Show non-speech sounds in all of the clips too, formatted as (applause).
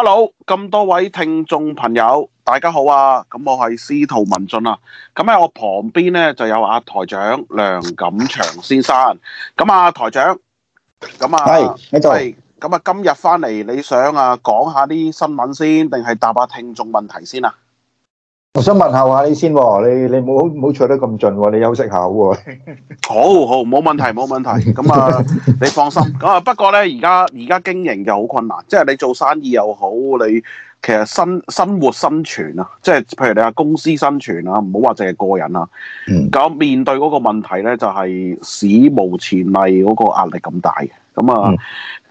hello，咁多位聽眾朋友，大家好啊！咁我係司徒文進啊，咁喺我旁邊咧就有阿台長梁錦祥先生。咁啊，台長，咁啊，喺度。咁啊，今日翻嚟，你想啊講下啲新聞先，定係答下聽眾問題先啊？我想問，問下你先，哦，你你唔好坐得咁盡，哦，你休息下喎。好好，冇問題冇問題。咁啊， (laughs) 你放心。咁啊，不過咧，而家而家經營嘅好困難，即係你做生意又好，你其實生生活生存啊，即係譬如你話公司生存啊，唔好話淨係個人啊。咁、嗯、面對嗰個問題咧，就係、是、史無前例嗰個壓力咁大咁啊，嗯、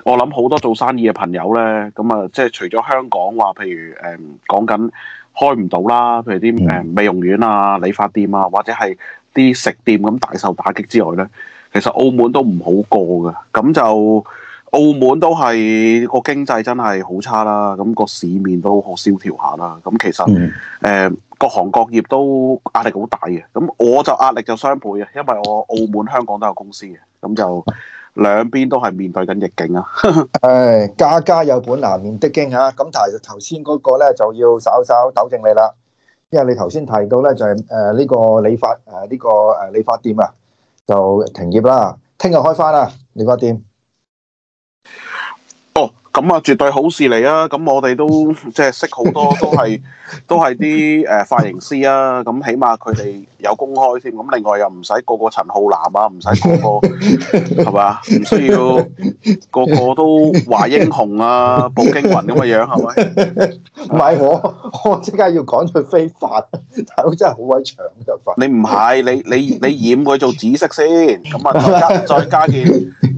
我諗好多做生意嘅朋友咧，咁啊，即係除咗香港話，啊，譬如誒講緊。嗯開唔到啦，譬如啲誒美容院啊、理髮店啊，或者係啲食店咁大受打擊之外呢，其實澳門都唔好過嘅。咁就澳門都係個經濟真係好差啦，咁、那個市面都好蕭條下啦。咁其實誒、嗯呃、各行各業都壓力好大嘅，咁我就壓力就雙倍嘅，因為我澳門香港都有公司嘅，咁就。兩邊都係面對緊逆境啊！誒、 (laughs) 哎，家家有本難念的經啊！咁提頭先嗰個咧，就要稍稍糾正你啦，因為你頭先提到咧就係誒呢個理髮誒呢個誒理髮店啊，就停業啦，聽日開翻啦理髮店。咁啊、嗯，絕對好事嚟啊！咁、嗯、我哋都即係識好多，都係都係啲誒髮型師啊！咁、嗯、起碼佢哋有公開先，咁、嗯、另外又唔使個個陳浩南啊，唔使個個係嘛？唔 (laughs) 需要個個都華英雄啊、步驚雲咁嘅樣係咪？唔係 (noise) 我，我即刻要趕佢飛髮。大佬真係好鬼長嘅頭髮。你唔係，你你你染佢做紫色先，咁啊再，再加件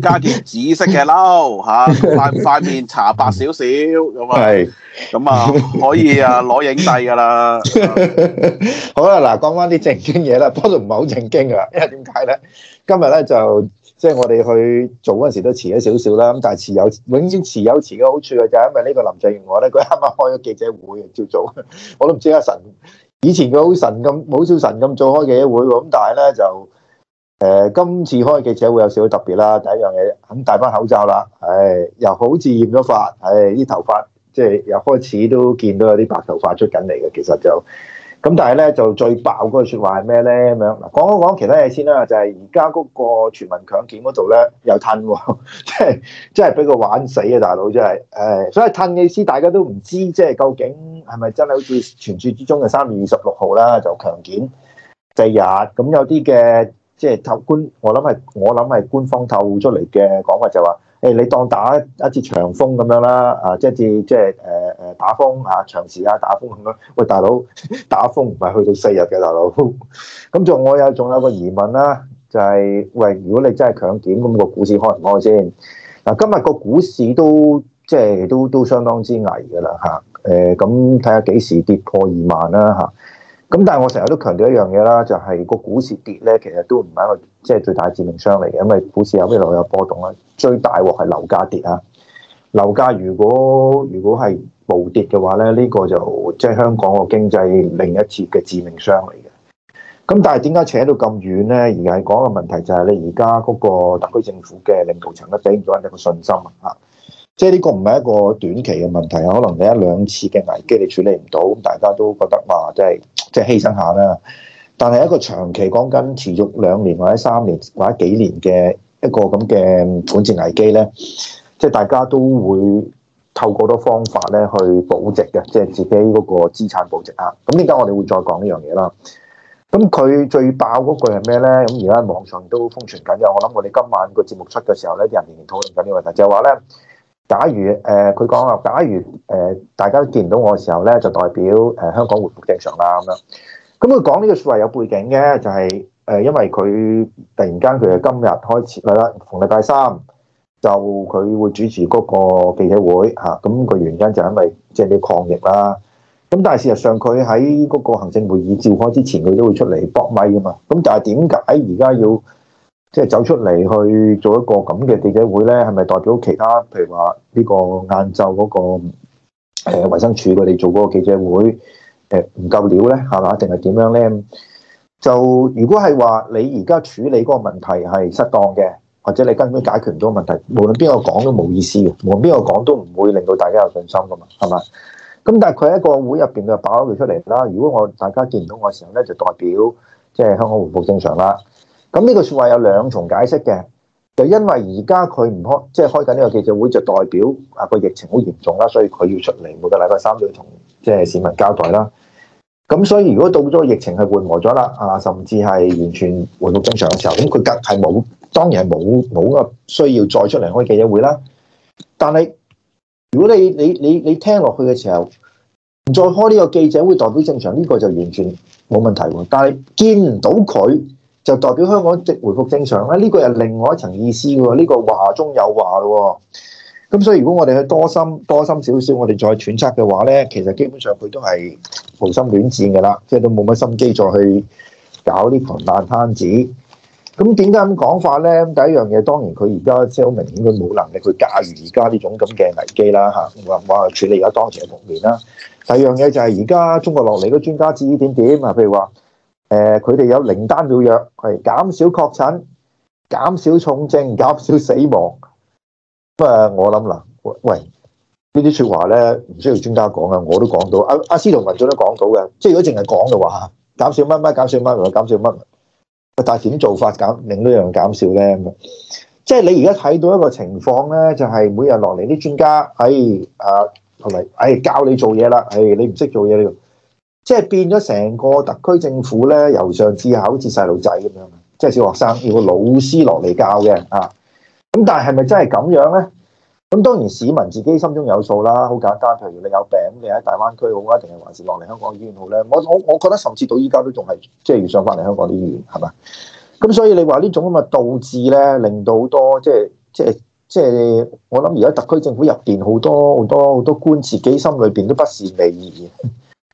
加件紫色嘅褸嚇，塊塊面搽白少少，咁啊咁啊可以啊攞影帝噶啦。 (laughs) (laughs) 好啦，嗱，講翻啲正經嘢啦，不過唔係好正經㗎，因為點解咧？今日咧就。即係我哋去做嗰陣時都遲咗少少啦，咁但係遲有永遠遲有遲嘅好處嘅就係因為呢個林鄭月娥咧，佢啱啱開咗記者會，照做我都唔知阿神，以前佢好神咁，冇少神咁做開記者會喎，咁但係咧就誒、呃、今次開記者會有少少特別啦，第一樣嘢肯戴翻口罩啦，誒、哎、又好似染咗髮，誒、哎、啲頭髮即係由開始都見到有啲白頭髮出緊嚟嘅，其實就。咁但係咧就最爆嗰句説話係咩咧？咁樣嗱，講一講其他嘢先啦、啊，就係而家嗰個全民強檢嗰度咧又褪喎、啊，即係即係俾佢玩死啊大佬，真係誒，所以褪嘅意思大家都唔知，即係究竟係咪真係好似傳説之中嘅三月二十六號啦，就強檢第日，咁有啲嘅即係透官，我諗係我諗係官方透出嚟嘅講話就話、是。誒、哎、你當打一次長風咁樣啦，啊即係即係誒誒打風啊，長時啊打風咁樣。喂大佬，打風唔係去到四日嘅大佬。咁仲我有仲有個疑問啦，就係、是、喂如果你真係強檢咁、那個股市開唔開先？嗱、啊、今日個股市都即係都都相當之危㗎啦嚇。誒咁睇下幾時跌破二萬啦嚇。啊。咁但係我成日都強調一樣嘢啦，就係、是、個股市跌咧，其實都唔係一個即係、就是、最大致命傷嚟嘅，因為股市有咩都有波動啦。最大鑊係樓價跌啊！樓價如果如果係暴跌嘅話咧，呢、這個就即係、就是、香港個經濟另一次嘅致命傷嚟嘅。咁但係點解扯到咁遠咧？而係講個問題就係你而家嗰個特區政府嘅領導層都畀唔到人哋個信心啊！即係呢個唔係一個短期嘅問題，可能你一兩次嘅危機你處理唔到，咁大家都覺得嘛，即係即係犧牲下啦。但係一個長期講緊持續兩年或者三年或者幾年嘅一個咁嘅管制危機咧，即係大家都會透過好多方法咧去保值嘅，即係自己嗰個資產保值啊。咁點解我哋會再講呢樣嘢啦？咁佢最爆嗰句係咩咧？咁而家網上都風傳緊嘅。因為我諗我哋今晚個節目出嘅時候咧，啲人年年討論緊呢個問題，就係話咧。假如誒佢講啊，假如誒大家都見唔到我嘅時候咧，就代表誒香港回復正常啦咁樣。咁佢講呢個説話有背景嘅，就係、是、誒因為佢突然間佢係今日開始啦，逢禮拜三就佢會主持嗰個記者會嚇。咁、啊、個原因就因為即係、就是、你抗疫啦。咁但係事實上佢喺嗰個行政會議召開之前，佢都會出嚟搏米噶嘛。咁但係點解而家要？即係走出嚟去做一個咁嘅記者會咧，係咪代表其他，譬如話呢個晏晝嗰個誒衛生署佢哋做嗰個記者會誒唔夠料咧，係、呃、嘛，定係點樣咧？就如果係話你而家處理嗰個問題係失當嘅，或者你根本解決唔到問題，無論邊個講都冇意思嘅，無論邊個講都唔會令到大家有信心噶嘛，係嘛？咁但係佢喺個會入邊就擺咗佢出嚟啦。如果我大家見唔到我嘅時候咧，就代表即係香港回復正常啦。咁呢句説話有兩重解釋嘅，就因為而家佢唔開，即係開緊呢個記者會，就代表啊個疫情好嚴重啦，所以佢要出嚟每個禮拜三都要同即係市民交代啦。咁所以如果到咗疫情係緩和咗啦，啊甚至係完全回復正常嘅時候，咁佢梗係冇，當然係冇冇個需要再出嚟開記者會啦。但係如果你你你你聽落去嘅時候，唔再開呢個記者會代表正常，呢個就完全冇問題喎。但係見唔到佢。就代表香港即回復正常咧？呢個又另外一層意思喎，呢個話中有話咯喎。咁所以如果我哋去多心多心少少，我哋再揣測嘅話咧，其實基本上佢都係無心戀戰嘅啦，即係都冇乜心機再去搞呢盤爛攤子。咁點解咁講法咧？第一樣嘢當然佢而家即係好明顯佢冇能力去駕馭而家呢種咁嘅危機啦吓，話、啊、話、啊啊、處理而家當前嘅局面啦。第二樣嘢就係而家中國落嚟嘅專家指點點啊，譬如話。誒，佢哋有靈丹妙藥，係減少確診、減少重症、減少死亡。咁啊，我諗啦，喂，呢啲說話咧唔需要專家講啊，我都講到，阿阿司徒文進都講到嘅。即係如果淨係講嘅話，減少乜乜、減少乜乜、減少乜乜，但係點做法減另一樣減少咧咁啊？即係你而家睇到一個情況咧，就係每日落嚟啲專家，哎啊，係咪？哎，教你做嘢啦，哎，你唔識做嘢呢？即係變咗成個特區政府咧，由上至下好似細路仔咁樣，即係小學生要個老師落嚟教嘅啊。咁但係係咪真係咁樣咧？咁當然市民自己心中有數啦。好簡單，譬如你有病，你喺大灣區好啊，定係還是落嚟香港醫院好咧？我我我覺得甚至到依家都仲係即係越上翻嚟香港醫院，係嘛？咁所以你話呢種咁嘅導致咧，令到好多即係即係即係我諗而家特區政府入邊好多好多好多官自己心裏邊都不善其業。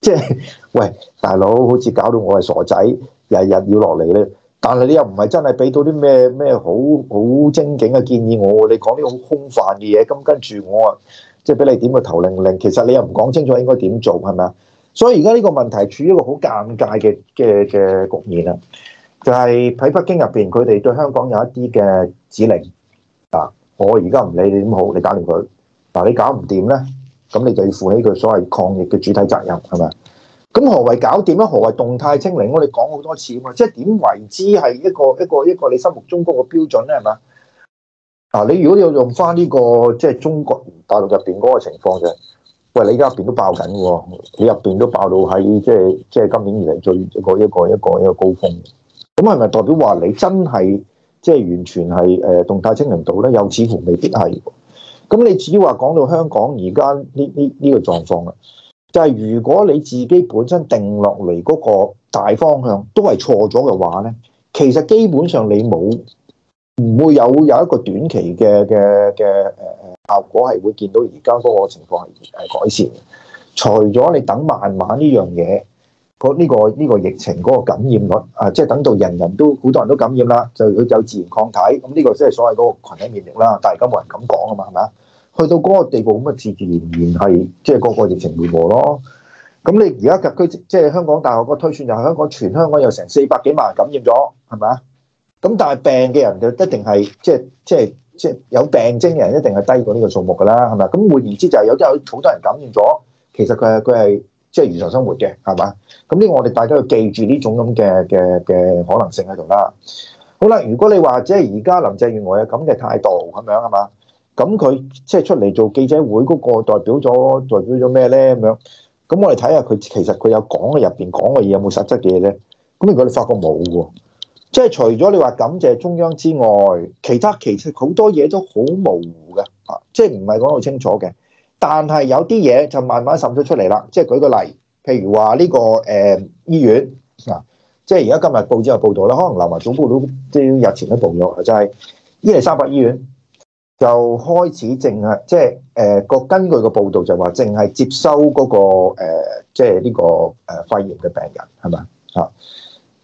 即係喂，大佬，好似搞到我係傻仔，日日要落嚟咧。但係你又唔係真係俾到啲咩咩好好精警嘅建議我，你講啲好空泛嘅嘢，咁跟住我啊，即係俾你點個頭令令。其實你又唔講清楚應該點做，係咪啊？所以而家呢個問題處於一個好尷尬嘅嘅嘅局面啦。就係喺北京入邊，佢哋對香港有一啲嘅指令啊。我而家唔理你點好，你搞掂佢嗱，但你搞唔掂咧？咁你就要負起佢所謂抗疫嘅主體責任，係咪？咁何為搞掂咧？何為動態清零？我哋講好多次啊嘛，即係點為之係一個一個一個，一個你心目中嗰個標準咧？係咪？嗱，你如果你要用翻呢、這個即係中國大陸入邊嗰個情況啫。喂，你而家入邊都爆緊喎，你入邊都爆到喺即係即係今年以嚟最一個，一個一個一個一個高峰。咁係咪代表話你真係即係完全係誒、呃、動態清零到咧？又似乎未必係。咁你只要話講到香港而家呢呢呢個狀況啦，就係如果你自己本身定落嚟嗰個大方向都係錯咗嘅話咧，其實基本上你冇唔會有有一個短期嘅嘅嘅誒誒效果係會見到而家嗰個情況係係改善，除咗你等慢慢呢樣嘢。個呢個疫情嗰個感染率啊，即係等到人人都好多人都感染啦，就有自然抗體，咁呢個即係所謂嗰個群體免疫啦。但係而家冇人咁講啊嘛，係咪啊？去到嗰個地步咁啊，自然係即係嗰個疫情緩和咯。咁你而家特區即係香港大學嘅推算就係香港全香港有成四百幾萬人感染咗，係咪啊？咁但係病嘅人就一定係即係即係即係有病徵嘅人一定係低過呢個數目噶啦，係咪啊？咁換言之就係有啲好多人感染咗，其實佢係佢係。即係如常生活嘅，係嘛？咁呢個我哋大家要記住呢種咁嘅嘅嘅可能性喺度啦。好啦，如果你話即係而家林鄭月娥有咁嘅態度咁樣係嘛？咁佢即係出嚟做記者會嗰個代表咗代表咗咩咧？咁樣咁我哋睇下佢其實佢有講嘅入邊講嘅嘢有冇實質嘅嘢咧？咁如果你發覺冇喎，即係除咗你話感謝中央之外，其他其實好多嘢都好模糊嘅啊！即係唔係講到清楚嘅。但係有啲嘢就慢慢滲咗出嚟啦，即、就、係、是、舉個例，譬如話呢、這個誒、呃、醫院啊，即係而家今日報紙有報道啦，可能《南華早報》都即係日前都報咗，就係伊利沙伯醫院就開始淨係即係誒，個根據個報道就話淨係接收嗰、那個、呃、即係呢個誒肺炎嘅病人係咪啊？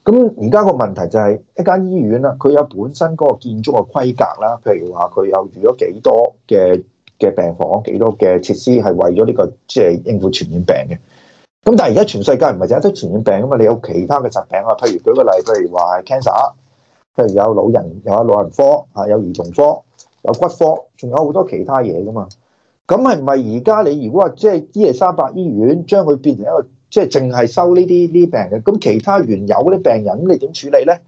咁而家個問題就係、是、一間醫院啦，佢有本身嗰個建築嘅規格啦，譬如話佢有預咗幾多嘅。嘅病房幾多嘅設施係為咗呢、這個即係、就是、應付傳染病嘅，咁但係而家全世界唔係淨係得傳染病啊嘛，你有其他嘅疾病啊，譬如舉個例，譬如話係 cancer，譬如有老人，有老人科啊，有兒童科，有骨科，仲有好多其他嘢㗎嘛，咁係咪而家你如果話即係伊利沙伯醫院將佢變成一個即係淨係收呢啲呢啲病嘅，咁其他原有啲病人你點處理咧？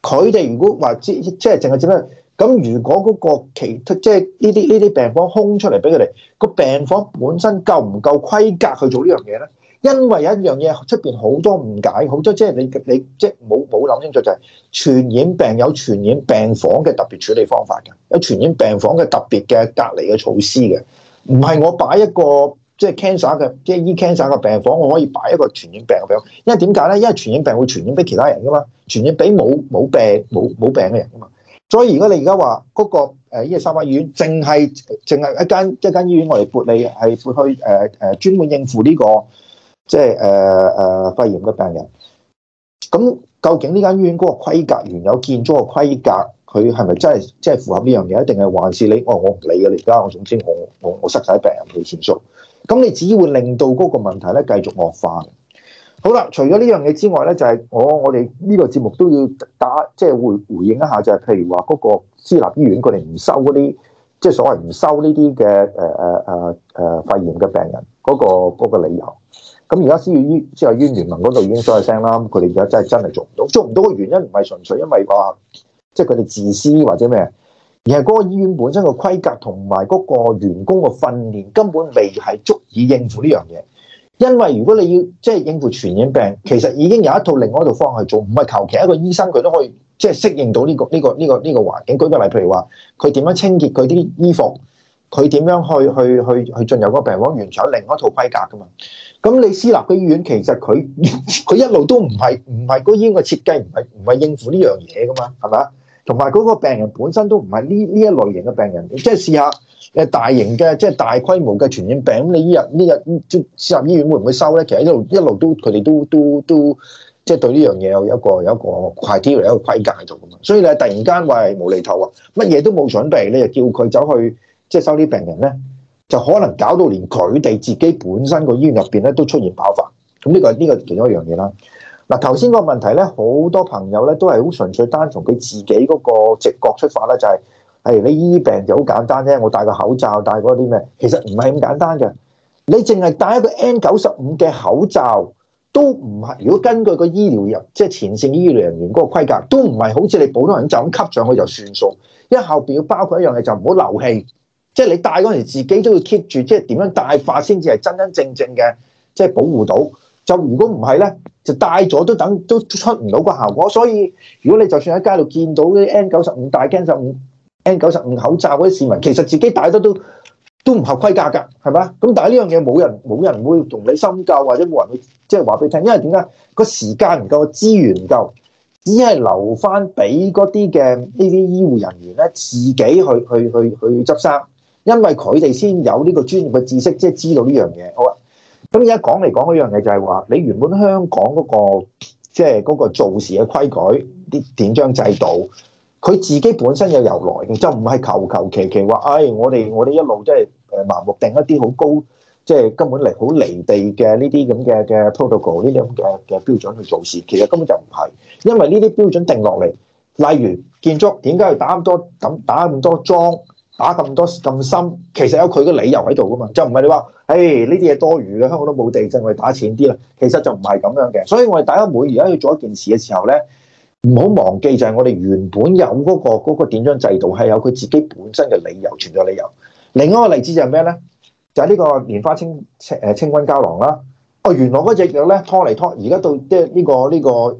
佢哋如果話即係即係淨係點樣？就是咁如果嗰個其即係呢啲呢啲病房空出嚟俾佢哋，個病房本身夠唔夠規格去做呢樣嘢咧？因為有一樣嘢出邊好多誤解，好多即係你你即係冇冇諗清楚就係傳染病有傳染病房嘅特別處理方法㗎，有傳染病房嘅特別嘅隔離嘅措施嘅，唔係我擺一個即係 cancer 嘅即係醫 cancer 嘅病房，我可以擺一個傳染病嘅病房，因為點解咧？因為傳染病會傳染俾其他人㗎嘛，傳染俾冇冇病冇冇病嘅人㗎嘛。所以如果你而家話嗰個誒，呢個三甲醫院淨係淨係一間一間醫院撥，我嚟撥你係撥去誒誒，專、呃、門應付呢、這個即係誒誒肺炎嘅病人。咁究竟呢間醫院嗰個規格、原有建築嘅規格，佢係咪真係即係符合呢樣嘢？一定係還是你、哦、我我唔理嘅？你而家我總之我我我塞晒病人去前數，咁你只會令到嗰個問題咧繼續惡化。好啦，除咗呢樣嘢之外咧，就係我我哋呢個節目都要打，即係回回應一下，就係譬如話嗰個私立醫院佢哋唔收嗰啲，即係所謂唔收呢啲嘅誒誒誒誒肺炎嘅病人嗰個嗰個理由。咁而家私院醫即係醫院聯盟嗰度已經所有聲啦，佢哋而家真係真係做唔到，做唔到嘅原因唔係純粹因為話即係佢哋自私或者咩，而係嗰個醫院本身嘅規格同埋嗰個員工嘅訓練根本未係足以應付呢樣嘢。因為如果你要即係應付傳染病，其實已經有一套另外一套方去做，唔係求其一個醫生佢都可以即係適應到呢個呢個呢個呢個環境。舉個例，譬如話佢點樣清潔佢啲衣服，佢點樣去去去去進入嗰個病房，完全有另外一套規格噶嘛。咁你私立嘅醫院其實佢佢一路都唔係唔係醫院嘅設計，唔係唔係應付呢樣嘢噶嘛，係咪？同埋嗰個病人本身都唔係呢呢一類型嘅病人，即係試下。誒大型嘅，即係大規模嘅傳染病，你呢日呢日即私立醫院會唔會收咧？其實一路一路都佢哋都都都即係對呢樣嘢有一個有一個 criteria 一個規格喺度嘅嘛。所以你突然間話係無厘頭啊，乜嘢都冇準備，你又叫佢走去即係收啲病人咧，就可能搞到連佢哋自己本身個醫院入邊咧都出現爆發。咁呢個呢個其中一樣嘢啦。嗱頭先個問題咧，好多朋友咧都係好純粹單從佢自己嗰個直覺出發啦，就係。係、哎、你醫病就好簡單啫，我戴個口罩，戴嗰啲咩？其實唔係咁簡單嘅。你淨係戴一個 N 九十五嘅口罩都唔係。如果根據個醫療人，即係前線醫療人員嗰個規格，都唔係好似你普通人就咁吸上去就算數。因為後邊要包括一樣嘢就唔好漏氣，即係你戴嗰陣時自己都要 keep 住，即係點樣戴法先至係真真正正嘅，即係保護到。就如果唔係咧，就戴咗都等都出唔到個效果。所以如果你就算喺街度見到啲 N 九十五、戴 N 九十五，聽九十五口罩嗰啲市民，其實自己戴得都都唔合規格噶，係嘛？咁但係呢樣嘢，冇人冇人會同你深究，或者冇人會即係話俾你聽，因為點解，個時間唔夠，資源唔夠，只係留翻俾嗰啲嘅呢啲醫護人員咧自己去去去去執生，因為佢哋先有呢個專業嘅知識，即係知道呢樣嘢。好啊，咁而家講嚟講嗰樣嘢就係話，你原本香港嗰個即係嗰個做事嘅規矩，啲典章制度。佢自己本身有由來嘅，就唔係求求其其話，誒我哋我哋一路即係誒盲目定一啲好高，即係根本嚟好離地嘅呢啲咁嘅嘅 protocol 呢啲咁嘅嘅標準去做事，其實根本就唔係，因為呢啲標準定落嚟，例如建築點解要打咁多咁打咁多樁，打咁多咁深，其實有佢嘅理由喺度噶嘛，就唔係你話，誒呢啲嘢多餘嘅，香港都冇地震，所以我哋打淺啲啦，其實就唔係咁樣嘅，所以我哋大家每而家要做一件事嘅時候咧。唔好忘記，就係我哋原本有嗰、那個嗰、那個典章制度，係有佢自己本身嘅理由存在理由。另一個例子就係咩咧？就係、是、呢個連花清清清瘟膠囊啦。哦，原來嗰隻藥咧拖嚟拖，而家到即係呢個呢、這個誒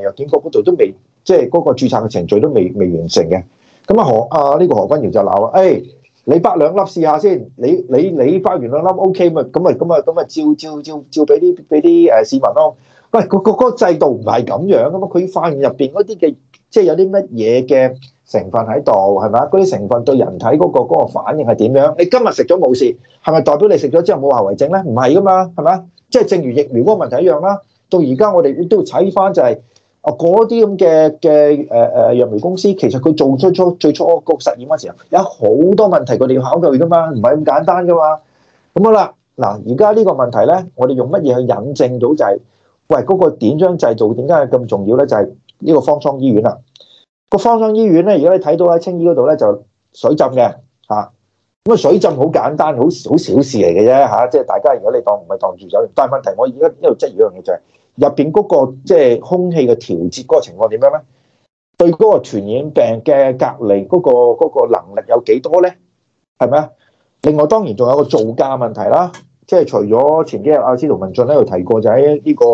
誒藥檢局嗰度都未，即係嗰個註冊嘅程序都未未完成嘅。咁啊何啊呢個何君堯就鬧啦，誒你發兩粒試下先，你你你發完兩粒 O K 咪，咁咪咁咪咁咪照照照照俾啲俾啲誒市民咯，啊。喂，個個個制度唔係咁樣噶嘛？佢發現入邊嗰啲嘅，即係有啲乜嘢嘅成分喺度，係咪？嗰啲成分對人體嗰個嗰個反應係點樣？你今日食咗冇事，係咪代表你食咗之後冇後遺症咧？唔係噶嘛，係咪？即係正如疫苗嗰個問題一樣啦。到而家我哋亦都要睇翻就係，啊嗰啲咁嘅嘅誒誒藥業公司，其實佢做出最初最初個實驗嗰時候，有好多問題佢哋要考慮噶嘛，唔係咁簡單噶嘛。咁好啦，嗱而家呢個問題咧，我哋用乜嘢去引證到就係？喂，嗰、那個點樣製造點解咁重要咧？就係、是、呢個方艙醫院啦。那個方艙醫院咧，如果你睇到喺青衣嗰度咧，就水浸嘅嚇。咁啊，水浸好簡單，好好小事嚟嘅啫嚇。即、啊、係、就是、大家，如果你當唔係當住有但係問題，我而家一度質疑一樣嘢就係入邊嗰個即係空氣嘅調節嗰個情況點樣咧？對嗰個傳染病嘅隔離嗰、那個那個能力有幾多咧？係咪啊？另外當然仲有個造價問題啦。即係除咗前幾日阿、啊、司同文俊喺度提過，就喺呢個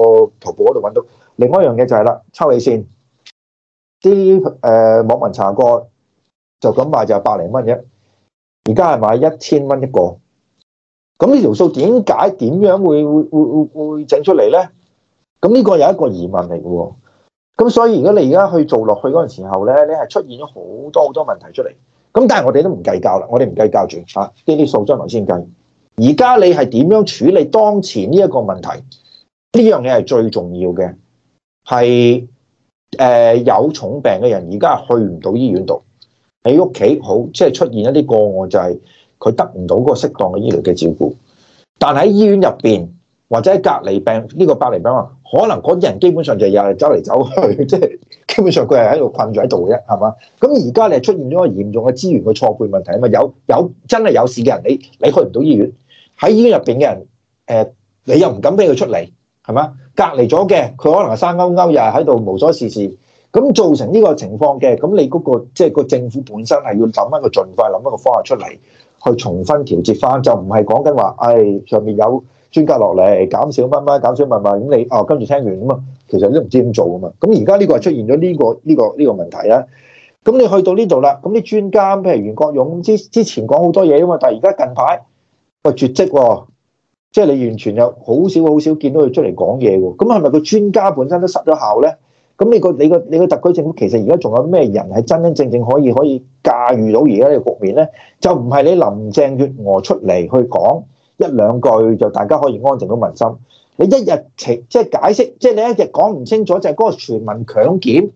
淘寶嗰度揾到。另外一樣嘢就係、是、啦，抽氣扇啲誒網民查過，就咁賣就百零蚊一，而家係買一千蚊一個。咁呢條數點解點樣會會會會整出嚟咧？咁呢個有一個疑問嚟嘅。咁所以如果你而家去做落去嗰陣時候咧，你係出現咗好多好多多問題出嚟。咁但係我哋都唔計較啦，我哋唔計較住吓呢啲數，將來先計。而家你係點樣處理當前呢一個問題？呢樣嘢係最重要嘅。係誒、呃、有重病嘅人，而家去唔到醫院度喺屋企好，即係出現一啲個案，就係佢得唔到嗰個適當嘅醫療嘅照顧。但喺醫院入邊或者喺隔離病呢、呢個隔離病房，可能嗰啲人基本上就又係走嚟走去，即 (laughs) 係基本上佢係喺度困住喺度嘅啫，係嘛？咁而家你係出現咗個嚴重嘅資源嘅錯配問題啊嘛？有有真係有事嘅人，你你去唔到醫院。喺醫院入邊嘅人，誒、呃、你又唔敢俾佢出嚟，係嘛？隔離咗嘅，佢可能生勾勾又係喺度無所事事，咁造成呢個情況嘅，咁你嗰、那個即係、就是、個政府本身係要諗翻個，盡快諗一個方案出嚟，去重新調節翻，就唔係講緊話，誒、哎、上面有專家落嚟減少乜乜減少乜乜，咁你哦跟住聽完咁啊，其實都唔知點做啊嘛。咁而家呢個係出現咗呢、個呢、個呢、個問題啦。咁你去到呢度啦，咁啲專家譬如袁國勇之之前講好多嘢啊嘛，但係而家近排。喂，絕迹、哦，即係你完全有好少好少見到佢出嚟講嘢喎。咁係咪個專家本身都失咗效咧？咁你個你個你個特區政府其實而家仲有咩人係真真正正可以可以駕馭到而家呢個局面咧？就唔係你林鄭月娥出嚟去講一兩句就大家可以安靜到民心。你一日即係解釋，即係你一日講唔清楚就係、是、嗰個全民強檢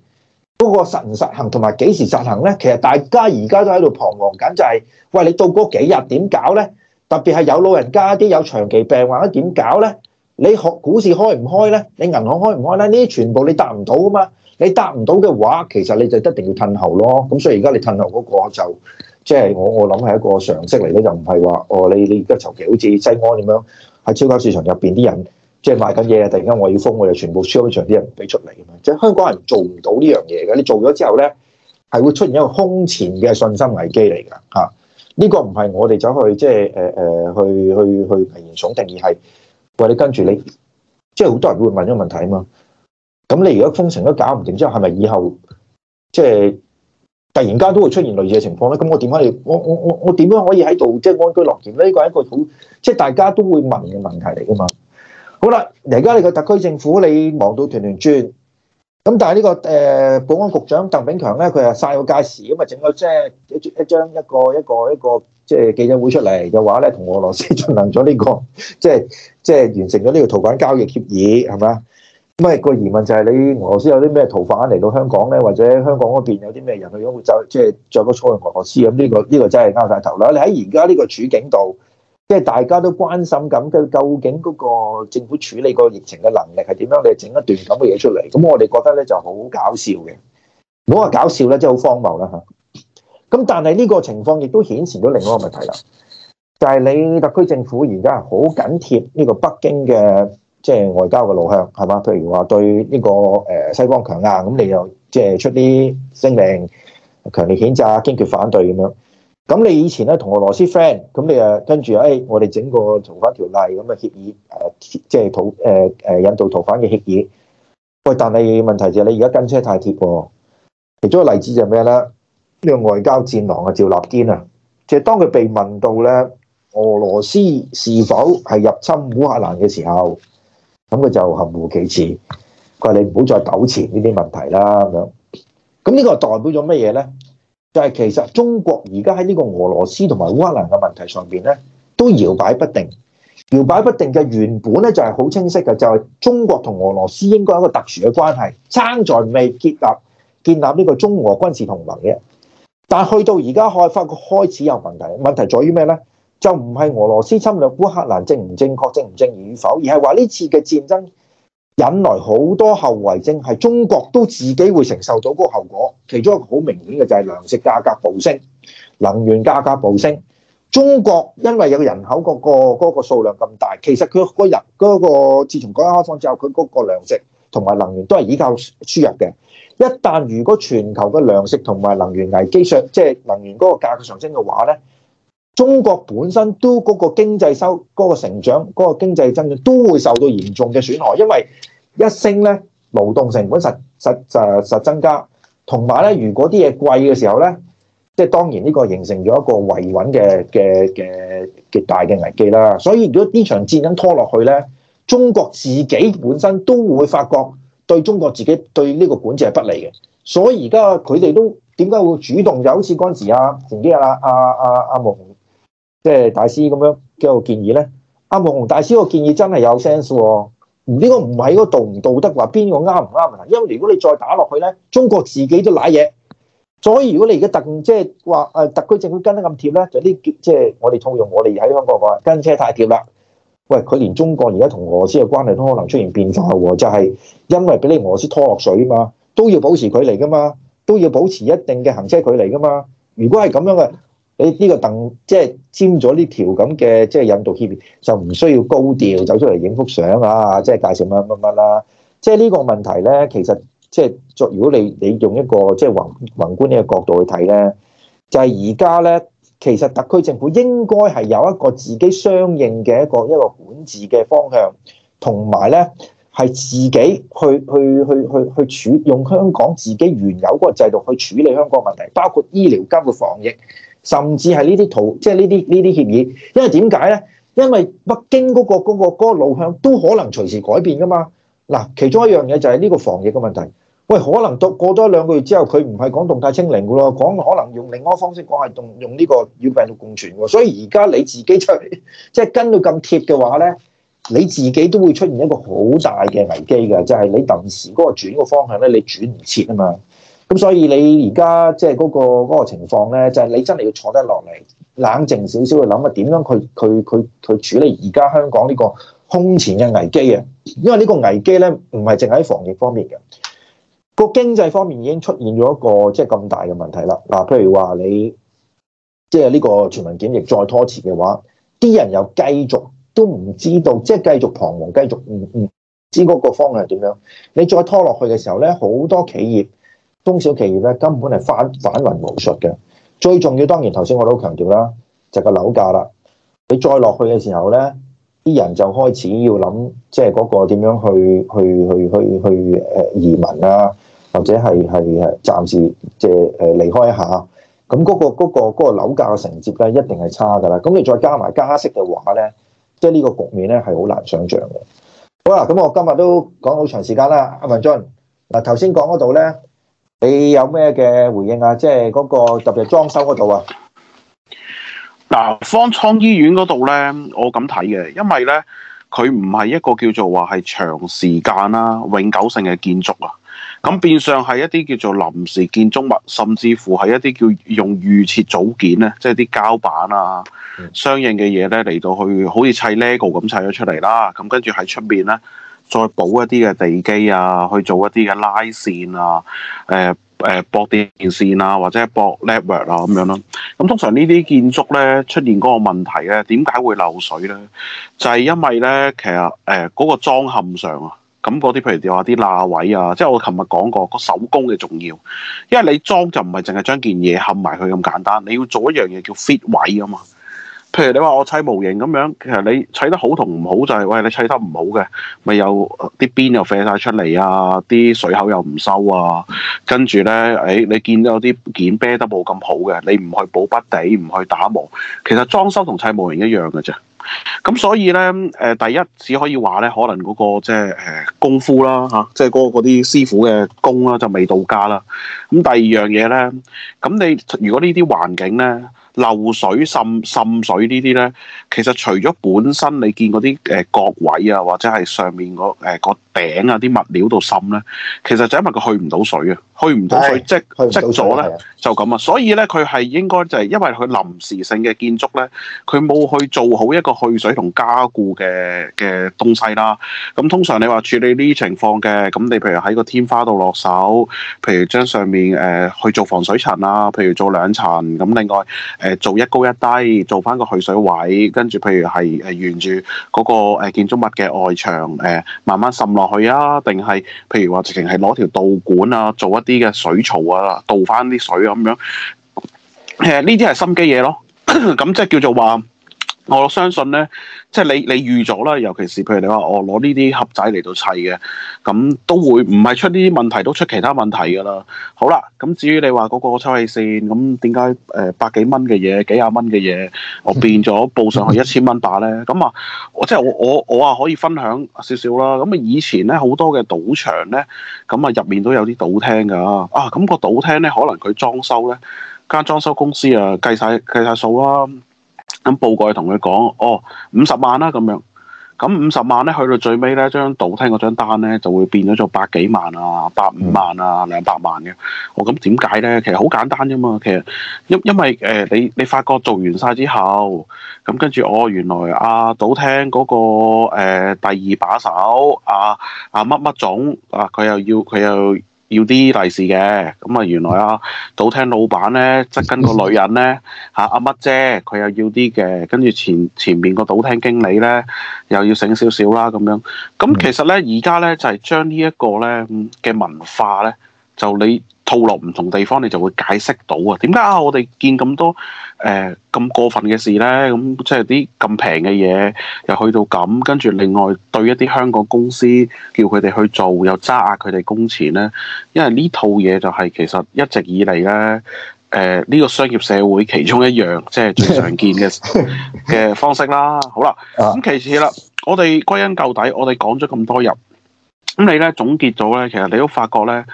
嗰個實唔實行同埋幾時實行咧？其實大家而家都喺度彷徨緊，就係、是、喂你到嗰幾日點搞咧？特別係有老人家啲有長期病患者點搞咧？你學股市開唔開咧？你銀行開唔開咧？呢啲全部你答唔到噶嘛？你答唔到嘅話，其實你就一定要褪後咯。咁、嗯、所以而家你褪後嗰個就即係、就是、我我諗係一個常識嚟咧，就唔係話哦，你你而家求其好似西安咁樣喺超級市場入邊啲人即係、就是、賣緊嘢，突然間我要封我就全部超級市場啲人唔俾出嚟啊嘛！即、就、係、是、香港人做唔到呢樣嘢㗎。你做咗之後咧，係會出現一個空前嘅信心危機嚟㗎嚇。呢個唔係我哋走去即係誒誒去去去危言聳聽，而係話你跟住你，即係好多人會問呢個問題啊嘛。咁你如果封城都搞唔掂之後係咪以後即係、就是、突然間都會出現類似嘅情況咧？咁我點可以？我我我我點樣可以喺度即係安居樂業？呢、這個係一個好即係大家都會問嘅問題嚟噶嘛。好啦，而家你個特區政府你忙到團團轉。咁但係呢個誒保安局長鄧炳強咧，佢係曬個街市咁啊，整咗即係一張一個一個一個即係記者會出嚟嘅話咧，同俄羅斯進行咗呢、呢個即係即係完成咗呢個逃犯交易協議係嘛？咁啊、個疑問就係你俄羅斯有啲咩逃犯嚟到香港咧，或者香港嗰邊有啲咩人去咗就即係着個草去俄羅斯咁呢、呢個呢、呢個真係啱晒頭啦！你喺而家呢個處境度。即係大家都關心咁，佢究竟嗰個政府處理個疫情嘅能力係點樣？你整一段咁嘅嘢出嚟，咁我哋覺得咧就好搞笑嘅。唔好話搞笑啦，即係好荒謬啦吓。咁但係呢個情況亦都顯示咗另外一個問題啦，就係你特區政府而家好緊貼呢個北京嘅即係外交嘅路向，係嘛？譬如話對呢個誒西方強硬，咁你又即係出啲聲明，強烈譴責、堅決反對咁樣。咁你以前咧同俄羅斯 friend，咁你誒跟住誒、哎，我哋整個逃犯條例咁嘅協議誒，即係逃誒誒引渡逃犯嘅協議。喂、啊啊哎，但係問題就係你而家跟車太貼喎。其中一個例子就係咩咧？呢、這個外交戰狼啊，趙立堅啊，即、就、係、是、當佢被問到咧，俄羅斯是否係入侵烏克蘭嘅時候，咁佢就含糊其詞。佢話你唔好再糾纏呢啲問題啦咁樣。咁呢個代表咗乜嘢咧？就係其實中國而家喺呢個俄羅斯同埋烏克蘭嘅問題上邊咧，都搖擺不定。搖擺不定嘅原本咧就係好清晰嘅，就係、是、中國同俄羅斯應該有一個特殊嘅關係，爭在未建立建立呢個中俄軍事同盟嘅。但去到而家開發，佢開始有問題。問題在於咩咧？就唔係俄羅斯侵略烏克蘭正唔正確、正唔正義與否，而係話呢次嘅戰爭。引來好多後遺症，係中國都自己會承受到個後果。其中一個好明顯嘅就係糧食價格暴升、能源價格暴升。中國因為有人口、嗰個、嗰個嗰個數量咁大，其實佢、嗰個人嗰、嗰個自從改革開放之後，佢嗰個糧食同埋能源都係依靠輸入嘅。一旦如果全球嘅糧食同埋能源危機上，即係能源嗰個價格上升嘅話呢。中國本身都嗰個經濟收嗰個成長嗰個經濟增長都會受到嚴重嘅損害，因為一升咧，勞動成本實實實實增加，同埋咧如果啲嘢貴嘅時候咧，即係當然呢個形成咗一個維穩嘅嘅嘅極大嘅危機啦。所以如果呢場戰爭拖落去咧，中國自己本身都會發覺對中國自己對呢個管制係不利嘅，所以而家佢哋都點解會主動就好似嗰陣時阿前幾日阿阿阿阿蒙。啊啊啊啊啊啊啊即係大師咁樣嘅建議咧，阿莫紅大師個建議，啊、建議真係有 sense 喎、哦。呢、這個唔係個道，唔、這個、道，道德話邊個啱唔啱啊？因為如果你再打落去咧，中國自己都瀨嘢。所以如果你而家特即係話誒特區政府跟得咁貼咧，就呢即係我哋套用我哋喺香港話跟車太貼啦。喂，佢連中國而家同俄羅斯嘅關係都可能出現變化喎、哦，就係、是、因為俾你俄羅斯拖落水啊嘛，都要保持距離㗎嘛，都要保持一定嘅行車距離㗎嘛。如果係咁樣嘅。你呢個凳，即係簽咗呢條咁嘅，即係引度協議，就唔需要高調走出嚟影幅相啊！即係介紹乜乜乜啦。即係呢個問題咧，其實即係作如果你你用一個即係宏宏觀呢個角度去睇咧，就係而家咧，其實特區政府應該係有一個自己相應嘅一個一個管治嘅方向，同埋咧係自己去去去去去處用香港自己原有嗰個制度去處理香港問題，包括醫療、監嘅防疫。甚至係呢啲圖，即係呢啲呢啲協議，因為點解咧？因為北京嗰個嗰個嗰個路向都可能隨時改變噶嘛。嗱，其中一樣嘢就係呢個防疫嘅問題。喂，可能都過多兩個月之後，佢唔係講動態清零嘅咯，講可能用另外一個方式，講係用用呢個要病毒共存喎。所以而家你自己出就即係跟到咁貼嘅話咧，你自己都會出現一個好大嘅危機㗎，就係你頓時嗰個轉個方向咧，你轉唔切啊嘛。咁所以你而家即係嗰個情況咧，就係你真係要坐得落嚟，冷靜少少去諗啊，點樣去佢佢佢處理而家香港呢個空前嘅危機啊！因為呢個危機咧，唔係淨喺防疫方面嘅，個經濟方面已經出現咗一個即係咁大嘅問題啦。嗱，譬如話你即係呢個全民檢疫再拖遲嘅話，啲人又繼續都唔知道，即係繼續彷徨，繼續唔唔知嗰個方向係點樣。你再拖落去嘅時候咧，好多企業。中小企業咧，根本係翻返魂無術嘅。最重要當然頭先我都強調啦，就是、個樓價啦。你再落去嘅時候咧，啲人就開始要諗，即係嗰個點樣去去去去去誒移民啊，或者係係係暫時嘅誒離開一下。咁嗰、嗰個嗰、嗰個嗰、嗰個、樓價嘅承接咧，一定係差㗎啦。咁你再加埋加息嘅話咧，即係呢個局面咧係好難想像嘅。好啦，咁我今日都講好長時間啦，阿文俊嗱頭先講嗰度咧。你有咩嘅回應啊？即係嗰個特別裝修嗰度啊？嗱，方艙醫院嗰度咧，我咁睇嘅，因為咧佢唔係一個叫做話係長時間啦、啊、永久性嘅建築啊，咁變相係一啲叫做臨時建築物，甚至乎係一啲叫用預設組件咧、啊，即係啲膠板啊、相應嘅嘢咧嚟,到去，好似砌 lego 咁砌咗出嚟啦、啊，咁跟住喺出邊咧，再補一啲嘅地基啊，去做一啲嘅拉線啊，誒、呃、誒，駁、呃、電線啊，或者駁 lever 啊咁樣咯、啊。咁通常呢啲建築咧出現嗰個問題咧，點解會漏水咧？就係、是、因為咧，其實誒嗰、呃嗰個裝嵌上啊，咁嗰啲譬如掉下啲罅位啊，即係我琴日講過、嗰個手工嘅重要，因為你裝就唔係淨係將件嘢冚埋佢咁簡單，你要做一樣嘢叫 fit 位啊嘛。譬如你話我砌模型咁樣，其實你砌得好同唔好就係、是，喂你砌得唔好嘅，咪有啲邊、呃、又飛曬出嚟啊，啲水口又唔收啊，跟住咧，誒、哎、你見到啲件啤得冇咁好嘅，你唔去補筆地，唔去打磨，其實裝修同砌模型一樣嘅啫。咁所以咧，誒、呃、第一只可以話咧，可能嗰、那個即係誒功夫啦，嚇、啊，即係嗰啲師傅嘅工啦，就未到家啦。咁第二樣嘢咧，咁你如果環呢啲環境咧，漏水滲滲水呢啲咧，其實除咗本身你見嗰啲誒角位啊，或者係上面嗰誒個頂啊啲物料度滲咧，其實就因為佢去唔到水啊，去唔到水，積積咗咧就咁啊。所以咧，佢係應該就係、是、因為佢臨時性嘅建築咧，佢冇去做好一個去水同加固嘅嘅東西啦。咁通常你話處理呢啲情況嘅，咁你譬如喺個天花度落手，譬如將上面誒、呃、去做防水層啊，譬如做兩層，咁另外。呃誒做一高一低，做翻個去水位，跟住譬如係誒沿住嗰個建築物嘅外牆誒、呃，慢慢滲落去啊，定係譬如話直情係攞條導管啊，做一啲嘅水槽啊，導翻啲水啊咁樣。誒呢啲係心機嘢咯，咁即係叫做話。我相信咧，即係你你預咗啦，尤其是譬如你話我攞呢啲盒仔嚟到砌嘅，咁都會唔係出呢啲問題，都出其他問題噶啦。好啦，咁至於你話嗰個抽氣線，咁點解誒百幾蚊嘅嘢，幾廿蚊嘅嘢，我變咗報上去一千蚊打咧？咁啊，我即係我我我啊可以分享少少啦。咁啊以前咧好多嘅賭場咧，咁啊入面都有啲賭廳噶。啊，咁個賭廳咧可能佢裝修咧，間裝修公司啊計晒計晒數啦。咁報過去同佢講，哦五十萬啦、啊、咁樣，咁五十萬咧去到最尾咧，將賭廳嗰張單咧就會變咗做百幾萬啊，百五萬啊，兩百萬嘅。我咁點解咧？其實好簡單啫嘛。其實因因為誒、呃，你你發覺做完晒之後，咁跟住哦，原來啊，賭廳嗰個誒、呃、第二把手，啊，阿乜乜總啊，佢、啊、又要佢又要。要啲利是嘅，咁啊，原來啊賭廳老闆咧，即跟個女人咧嚇阿乜姐，佢又要啲嘅，跟住前前面個賭廳經理咧又要醒少少啦咁樣。咁其實咧而家咧就係將呢一個咧嘅文化咧，就你。套落唔同地方，你就會解釋到啊，點解啊？我哋見咁多誒咁過分嘅事咧，咁、嗯、即係啲咁平嘅嘢，又去到咁，跟住另外對一啲香港公司叫佢哋去做，又揸壓佢哋工錢咧。因為呢套嘢就係其實一直以嚟咧，誒、呃、呢、這個商業社會其中一樣，即係最常見嘅嘅方式啦。 (laughs) 好啦，咁、嗯、其次啦，我哋歸根究底，我哋講咗咁多日。咁你咧總結咗咧，其實你都發覺咧，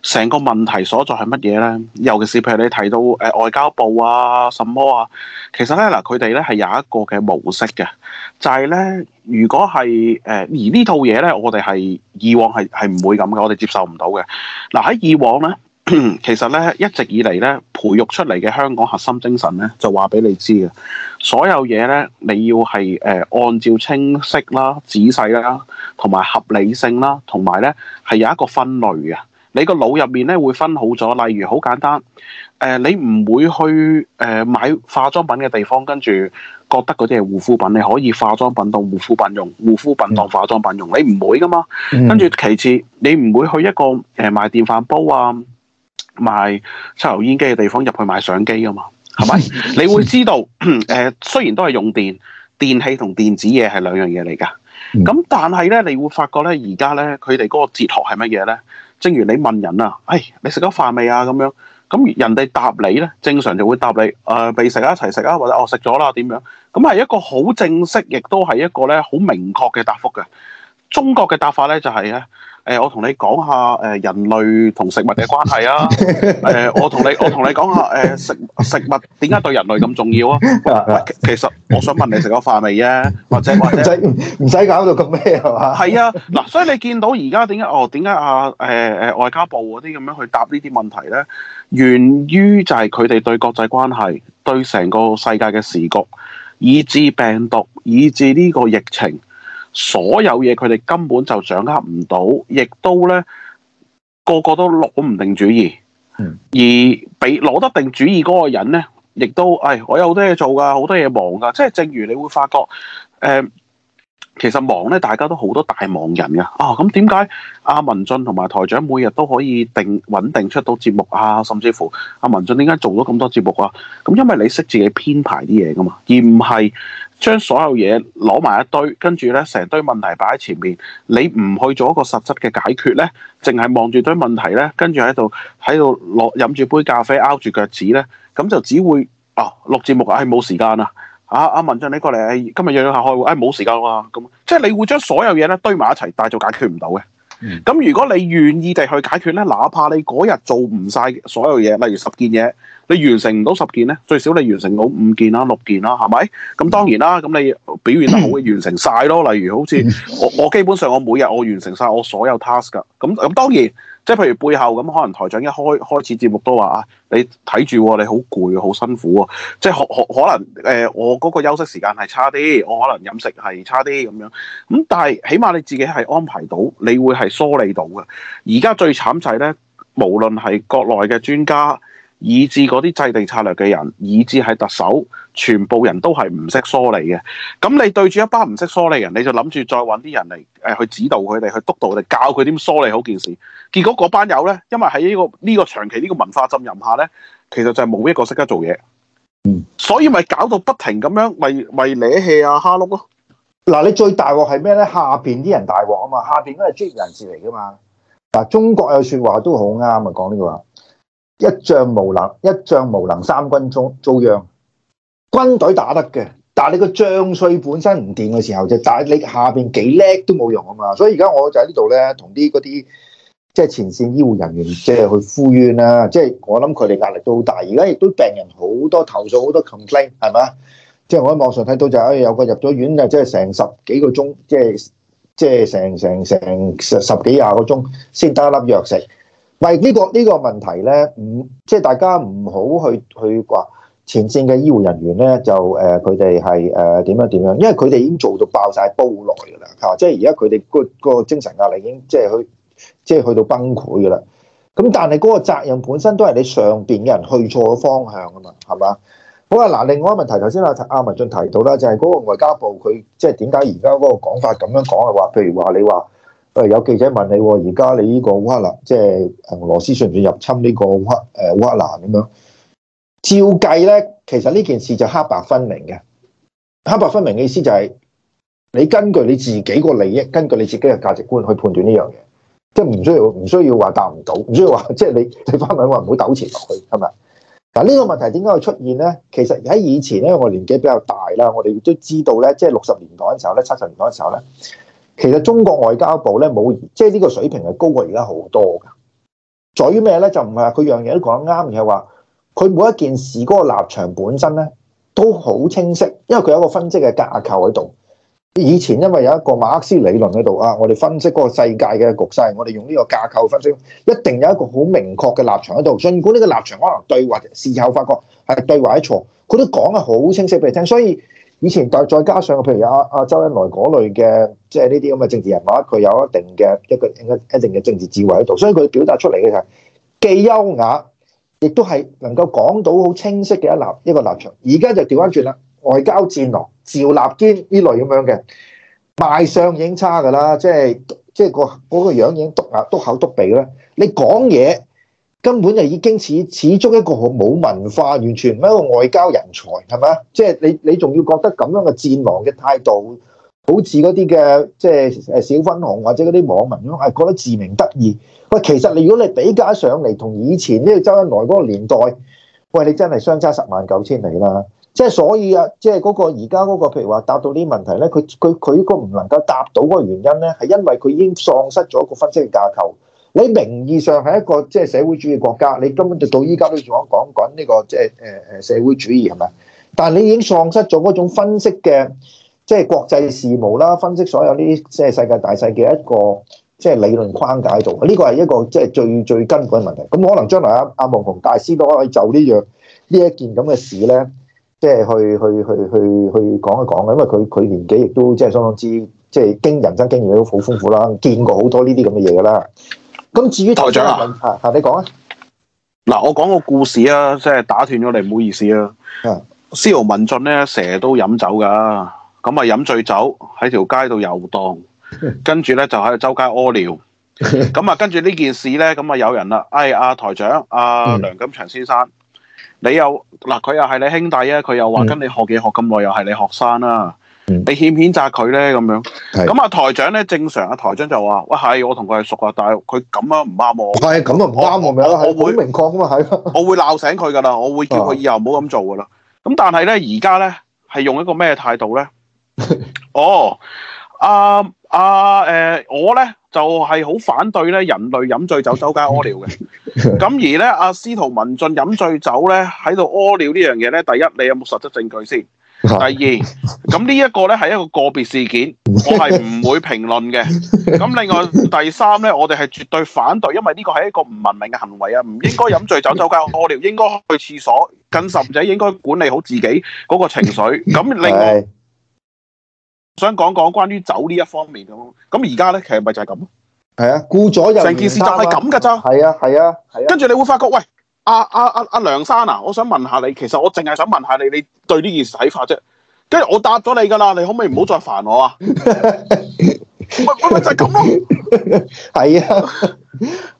成個問題所在係乜嘢咧？尤其是譬如你提到誒、呃、外交部啊、什麼啊，其實咧嗱，佢哋咧係有一個嘅模式嘅，就係、是、咧，如果係誒、呃、而呢套嘢咧，我哋係以往係係唔會咁嘅，我哋接受唔到嘅。嗱、呃、喺以往咧。 (coughs) 其實咧，一直以嚟咧，培育出嚟嘅香港核心精神咧，就話俾你知嘅所有嘢咧，你要係誒、呃、按照清晰啦、仔細啦，同埋合理性啦，同埋咧係有一個分類嘅。你個腦入面咧會分好咗，例如好簡單誒、呃，你唔會去誒、呃、買化妝品嘅地方，跟住覺得嗰啲係護膚品，你可以化妝品當護膚品用，護膚品當化妝品用，你唔會噶嘛。跟住其次，你唔會去一個誒賣、呃、電飯煲啊。賣抽油煙機嘅地方入去買相機噶嘛，係咪？ (laughs) 你會知道，誒，雖然都係用電電器同電子嘢係兩樣嘢嚟噶，咁、嗯、但係咧，你會發覺咧，而家咧佢哋嗰個哲學係乜嘢咧？正如你問人啊，誒、哎，你食咗飯未啊？咁樣，咁人哋答你咧，正常就會答你，誒、呃，未食啊，一齊食啊，或者我食咗啦，點樣？咁係一個好正式，亦都係一個咧好明確嘅答覆嘅。中國嘅答法咧就係、是、咧。誒，我同你講下誒人類同食物嘅關係啊！誒，我同你我同你講下誒食食物點解對人類咁重要啊？其實我想問你食咗飯未啫？或者或者唔使搞到咁咩係嘛？係啊，嗱，所以你見到而家點解哦？點解啊？誒誒，外交部嗰啲咁樣去答呢啲問題咧，源於就係佢哋對國際關係、對成個世界嘅時局，以致病毒，以致呢個疫情。所有嘢佢哋根本就掌握唔到，亦都咧個個都攞唔定主意。而俾攞得定主意嗰個人咧，亦都誒、哎，我有好多嘢做噶，好多嘢忙噶，即係正如你會發覺，誒、呃，其實忙咧，大家都好多大忙人㗎。啊，咁點解阿文進同埋台長每日都可以定穩定出到節目啊？甚至乎阿、啊、文進點解做咗咁多節目啊？咁、嗯、因為你識自己編排啲嘢㗎嘛，而唔係，將所有嘢攞埋一堆，跟住咧成堆問題擺喺前面，你唔去做一個實質嘅解決咧，淨係望住堆問題咧，跟住喺度喺度攞飲住杯咖啡，拗住腳趾咧，咁就只會哦錄節目啊，係、哎、冇時間啊！啊啊，阿文俊你過嚟、哎，今日約咗下開會，哎冇時間啊，咁即係你會將所有嘢咧堆埋一齊，但係就解決唔到嘅。咁、嗯、如果你願意地去解決咧，哪怕你嗰日做唔晒所有嘢，例如十件嘢。你完成唔到十件咧，最少你完成到五件啦、六件啦，係咪？咁當然啦，咁你表現得好， (coughs) 完成晒咯。例如好似我，我基本上我每日我完成晒我所有 task 噶。咁咁當然，即係譬如背後咁，可能台長一開開始節目都話啊，你睇住，你好攰，好辛苦啊。即係可可可能誒、呃，我嗰個休息時間係差啲，我可能飲食係差啲咁樣。咁但係起碼你自己係安排到，你會係梳理到嘅。而家最慘就係咧，無論係國內嘅專家。以至嗰啲制定策略嘅人，以至係特首，全部人都係唔識梳理嘅。咁你對住一班唔識梳理人，你就諗住再揾啲人嚟誒、呃、去指導佢哋，去督導佢哋，教佢點梳理好件事。結果嗰班友呢，因為喺呢、這個呢、這個這個長期呢個文化浸淫下呢，其實就係冇一個識得做嘢。嗯、所以咪搞到不停咁樣，咪咪嘸氣啊蝦碌咯。嗱，嗯、你最大鑊係咩呢？下邊啲人大鑊啊嘛，下邊都係專業人士嚟噶嘛。嗱，中國有説話都好啱啊，講呢句話。一將無能，一將無能，三軍遭遭殃。軍隊打得嘅，但係你個將帥本身唔掂嘅時候就，但係你下邊幾叻都冇用啊嘛。所以而家我就喺呢度咧，同啲嗰啲即係前線醫護人員即係去呼冤啦、啊。即係我諗佢哋壓力都好大。而家亦都病人好多投訴，好多 complain 係嘛？即係我喺網上睇到就係、是哎、有個入咗院就即係成十幾個鐘，即係即係成成成十十幾廿個鐘先得一粒藥食。唔係呢個呢個問題咧，唔即係大家唔好去去話前線嘅醫護人員咧，就誒佢哋係誒點樣點樣，因為佢哋已經做到爆晒煲內㗎啦嚇，即係而家佢哋個精神壓力已經即係去即係去到崩潰㗎啦。咁但係嗰個責任本身都係你上邊嘅人去錯咗方向啊嘛，係嘛？好啊，嗱，另外一個問題，頭先阿阿文進提到啦，就係嗰個外交部佢即係點解而家嗰個講法咁樣講嘅話，譬如話你話。有記者問你喎，而家你呢個烏克蘭，即係俄羅斯算唔算入侵呢個烏誒烏克蘭咁樣？照計咧，其實呢件事就黑白分明嘅。黑白分明嘅意思就係，你根據你自己個利益，根據你自己嘅價值觀去判斷呢樣嘢，即係唔需要唔需要話答唔到，唔需要話即係你你翻問我唔好糾纏落去係咪？嗱呢個問題點解會出現咧？其實喺以前咧，我年紀比較大啦，我哋都知道咧，即係六十年代嘅時候咧，七十年代嘅時候咧。其實中國外交部咧冇，即係呢個水平係高過而家好多噶，在於咩咧？就唔係佢樣樣都講得啱，而係話，佢每一件事嗰個立場本身咧都好清晰，因為佢有一個分析嘅架構喺度。以前因為有一個馬克思理論喺度啊，我哋分析嗰個世界嘅局勢，我哋用呢個架構分析，一定有一個好明確嘅立場喺度。儘管呢個立場可能對或事後發覺係對或係錯，佢都講得好清晰俾你聽，所以。以前但再加上譬如阿阿周恩來嗰類嘅，即係呢啲咁嘅政治人物，佢有一定嘅一個一定嘅政治智慧喺度，所以佢表達出嚟嘅係既優雅，亦都係能夠講到好清晰嘅一立一個立場。而家就調翻轉啦，外交戰狼趙立堅呢類咁樣嘅，賣相已經差噶啦，即係即係個嗰個樣已經篤牙篤口篤鼻啦，你講嘢。根本就已經始始終一個冇文化，完全唔係一個外交人才，係咪啊？即係你你仲要覺得咁樣嘅戰狼嘅態度，好似嗰啲嘅即係誒小粉紅或者嗰啲網民咁，係覺得自鳴得意。喂，其實你如果你比較上嚟同以前呢個周恩來嗰個年代，喂，你真係相差十萬九千里啦。即係所以啊，即係嗰個而家嗰個譬如話答到啲問題咧，佢佢佢個唔能夠答到嘅原因咧，係因為佢已經喪失咗一個分析嘅架構。你名義上係一個即係社會主義國家，你根本就到依家都仲講講緊呢個即係誒誒社會主義係咪？但係你已經喪失咗嗰種分析嘅即係國際事務啦，分析所有呢啲即係世界大勢嘅一個即係理論框架度。呢個係一個即係最最根本嘅問題。咁可能將來阿阿蒙同大師都可以就呢樣呢一件咁嘅事咧，即係去去去去去講一講嘅，因為佢佢年紀亦都即係相當之即係經人生經驗都好豐富啦，見過好多呢啲咁嘅嘢㗎啦。咁至於台長啊，吓你講啊，嗱我講個故事啊，即係打斷咗你，唔好意思啊。司徒、嗯、文進咧成日都飲酒噶，咁啊飲醉酒喺條街度遊蕩，跟住咧就喺周街屙尿，咁啊 (laughs) 跟住呢件事咧，咁啊有人啦，哎阿、啊、台長，阿、啊嗯、梁錦祥先生，你、啊、又嗱佢又係你兄弟啊，佢又話跟你學嘢學咁耐，又係你學生啦。嗯你欠唔譴責佢咧咁樣，咁啊是的 台長咧正常啊台長就話，喂係，我同佢係熟啊，但係佢咁樣唔啱我。係咁啊唔啱我咪我好是會明確啊嘛，係我會鬧醒佢噶啦，我會叫佢以後唔好咁做噶啦。咁但係咧而家咧係用一個咩態度咧？ (laughs) 哦，阿阿誒，我咧就係、是、好反對咧人類飲醉酒周街屙尿嘅。咁 (laughs) 而咧阿司徒文進飲醉酒咧喺度屙尿呢樣嘢咧，第一你有冇實質證據先？第二，咁呢一個咧係一個個別事件，我係唔會評論嘅。咁另外第三咧，我哋係絕對反對，因為呢個係一個唔文明嘅行為啊，唔應該飲醉酒走街屙尿，應該去廁所。更甚者，應該管理好自己嗰個情緒。咁另外，想講講關於酒呢一方面咁，咁而家咧其實咪就係咁咯。係啊，顧咗又成件事就係咁噶咋。係啊，係啊，係啊。跟住你會發覺，喂。阿阿阿阿梁生啊，我想問下你，其實我淨係想問下你，你對呢件事睇法啫。跟住我答咗你噶啦，你可唔可以唔好再煩我啊？咪 (laughs) 就係咁咯。係啊，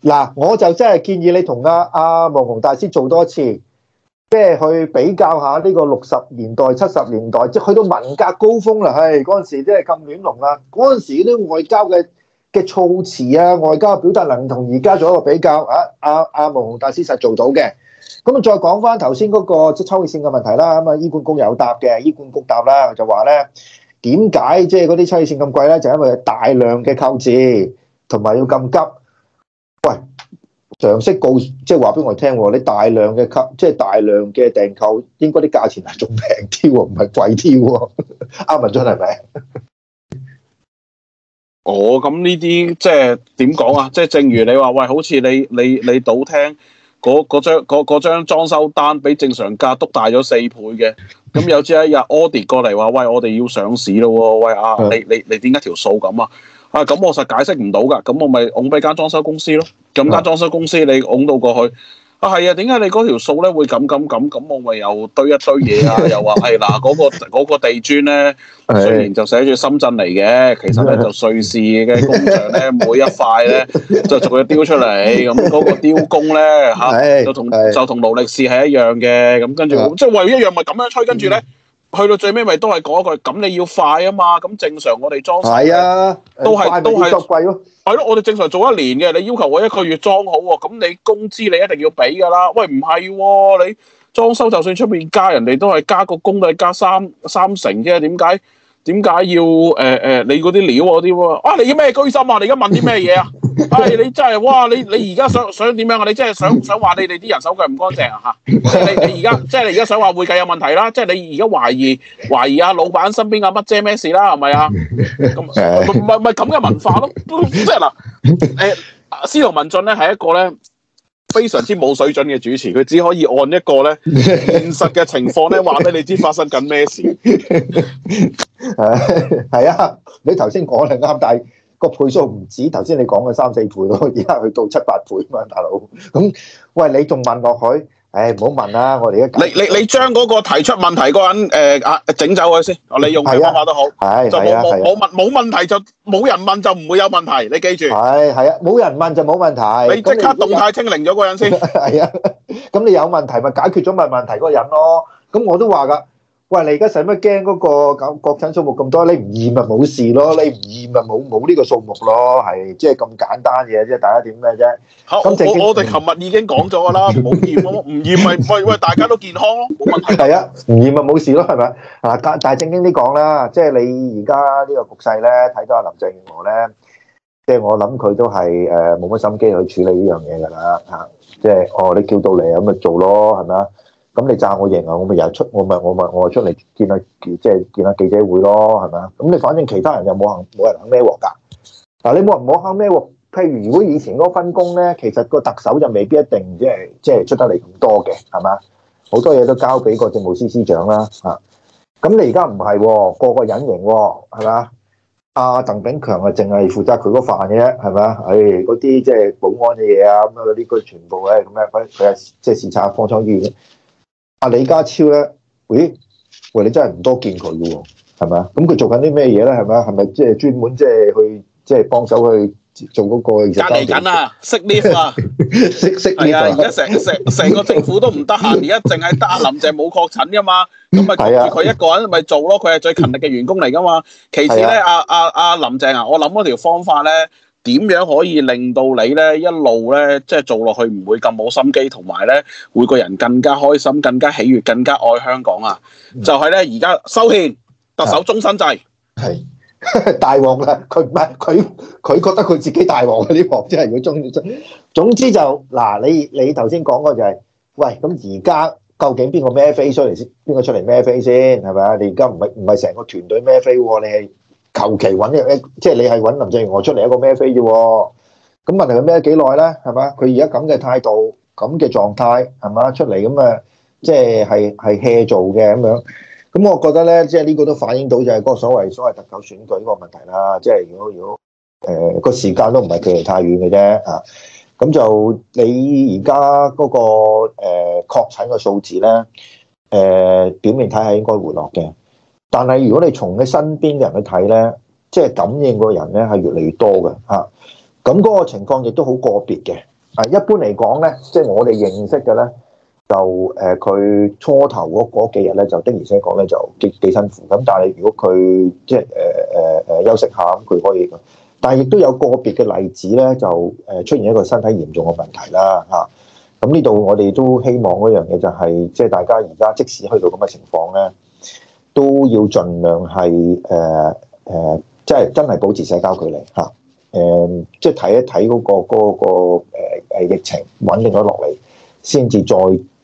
嗱、 (laughs) 啊，我就真係建議你同阿阿慕容大師做多次，即、嗯、係去比較下呢個六十年代、七十年代，即係去到文革高峰啦。唉、哎，嗰陣時真係咁亂龍啦，嗰陣時啲外交嘅。嘅措辭啊，外交表達能同而家做一個比較啊！阿阿無紅大師實做到嘅，咁啊再講翻頭先嗰個即係抽氣扇嘅問題啦。咁啊，醫管局有答嘅，醫管局答啦，就話咧，點解即係嗰啲抽氣扇咁貴咧？就因為大量嘅購置同埋要咁急。喂，常識告即係話俾我哋聽喎，你大量嘅購即係大量嘅訂購，應該啲價錢係仲平啲喎，唔係貴啲喎。阿文進係咪？哦，咁呢啲即係點講啊？即係正如你話，喂，好似你你你賭廳嗰嗰張張裝修單比正常價都大咗四倍嘅。咁有朝一日 audit 過嚟話，喂，我哋要上市咯，喂啊，你你你點解條數咁啊？啊，咁我實解釋唔到㗎，咁我咪拱俾間裝修公司咯，咁間裝修公司你拱到過去。啊，係啊，點解你嗰條數咧會咁咁咁咁？我咪又堆一堆嘢啊！又話係嗱，嗰、嗰個嗰個地磚咧，雖然就寫住深圳嚟嘅，其實咧就瑞士嘅工場咧，每一塊咧就做咗雕出嚟，咁嗰個雕工咧嚇，就同、啊、就同勞力士係一樣嘅，咁、嗯、跟住的即係為咗一樣，咪咁樣吹，跟住咧。去到最尾咪都係講一句，咁你要快啊嘛，咁正常我哋裝修啊，都係是都係貴咯，係咯，我哋正常做一年嘅，你要求我一個月裝好喎，咁你工資你一定要俾噶啦，喂唔係、哦，你裝修就算出面加人哋都係加個工嘅，都加三三成啫，點解？點解要誒誒、呃呃、你嗰啲料嗰啲喎？啊，你要咩居心啊？你而家問啲咩嘢啊？係、哎、你真係哇！你你而家想想點樣想想啊？你真係想想話你哋啲人手腳唔乾淨啊吓！你你而家即係你而家想話會計有問題啦、啊！即係你而家懷疑懷疑啊老闆身邊啊乜啫咩事啦？係咪啊？咁唔唔係唔係咁嘅文化咯、啊？即係嗱誒，司徒文進咧係一個咧。非常之冇水準嘅主持，佢只可以按一個咧現實嘅情況咧話俾你知發生緊咩事。係係啊，你頭先講係啱，但係個倍數唔止頭先你講嘅三四倍咯，而家去到七八倍啊嘛，大佬。咁，喂，你仲問落去？唉，唔好問啦，我哋而家你你你將嗰個提出問題嗰人誒啊整走佢先，我你用咩方法都好，係啊，就冇冇冇問冇問題就冇人問就唔會有問題，你記住係係啊，冇人問就冇問題，你即刻動態清零咗嗰人先，係啊，咁你有問題咪解決咗問問題嗰人咯，咁我都話㗎。喂，你而家使乜驚嗰個咁國產數目咁多？你唔驗咪冇事咯，你唔驗咪冇冇呢個數目咯，係即係咁簡單嘅，即係大家點咩啫。嚇！我我我哋琴日已經講咗噶啦，冇驗咯，唔驗咪咪喂，大家都健康咯，冇問題。第一唔驗咪冇事咯，係咪？啊，但但正經啲講啦，即係你而家呢個局勢咧，睇到阿林鄭月娥咧，即係我諗佢都係誒冇乜心機去處理呢樣嘢㗎啦嚇，即係哦，你叫到你咁就做咯，係咪啊？咁你炸我贏啊，我咪又出我咪我咪我咪出嚟見下，即係見下記者會咯，係咪啊？咁你反正其他人又冇人冇人肯孭鑊㗎，嗱你冇人冇肯孭鑊。譬如如果以前嗰個分工咧，其實個特首就未必一定即係即係出得嚟咁多嘅，係咪？好多嘢都交俾個政務司司長啦，嚇。咁你而家唔係喎，個個隱形喎，係咪啊？阿鄧炳強啊，淨係負責佢嗰飯嘅啫，係咪啊？唉，嗰啲即係保安嘅嘢啊，咁啊嗰啲佢全部咧咁樣，佢佢啊即係視察方艙醫院。阿李家超咧，咦、哎？喂、哎，你真係唔多見佢嘅，係咪、就是就是、啊？咁佢做緊啲咩嘢咧？係咪啊？係咪即係專門即係去即係幫手去做嗰個隔離緊啊？識 lift 啊？識識係啊！而家成成成個政府都唔得閒，而家淨係得阿林鄭冇確診啊嘛。咁咪佢一個人咪做咯？佢係是、啊、 (laughs) 最勤力嘅員工嚟噶嘛。其次咧，阿阿阿林鄭啊，啊啊啊鄭我諗嗰條方法咧。點樣可以令到你咧一路咧即係做落去唔會咁冇心機，同埋咧每個人更加開心、更加喜悅、更加愛香港啊！就係、是、咧，而家修憲，特首終身制係大王啦！佢唔係佢，佢覺得佢自己大王啊！呢個真係佢中意。總之就嗱，你你頭先講過就係、是，喂咁而家究竟邊個咩飛出嚟先？邊個出嚟咩飛先係咪啊？你而家唔係唔係成個團隊咩飛喎？你？求其揾一，即係你係揾林鄭月娥出嚟一個咩飛啫、啊？咁問題佢咩幾耐咧？係嘛？佢而家咁嘅態度、咁嘅狀態係嘛？出嚟咁誒，即係係係 hea 做嘅咁樣。咁我覺得咧，即係呢個都反映到就係嗰個所謂所謂特首選舉個問題啦。即係如果如果誒個時間都唔係距離太遠嘅啫啊。咁就你而家嗰個誒確診嘅數字咧，誒、呃、表面睇係應該回落嘅。但係如果你從你身邊嘅人去睇咧，即係感染嘅人咧係越嚟越多嘅嚇。咁嗰個情況亦都好個別嘅。啊，一般嚟講咧，即係我哋認識嘅咧，就誒佢初頭嗰幾日咧，就的而且確咧就幾幾辛苦。咁但係如果佢即係誒誒誒休息下，咁佢可以。但係亦都有個別嘅例子咧，就誒出現一個身體嚴重嘅問題啦嚇。咁呢度我哋都希望嗰樣嘢就係，即係大家而家即使去到咁嘅情況咧。都要盡量係誒誒，即、uh, 係、uh, 真係保持社交距離嚇。誒、uh, 嗰個，即係睇一睇嗰個嗰、嗰個、嗰個 uh, 疫情穩定咗落嚟，先至再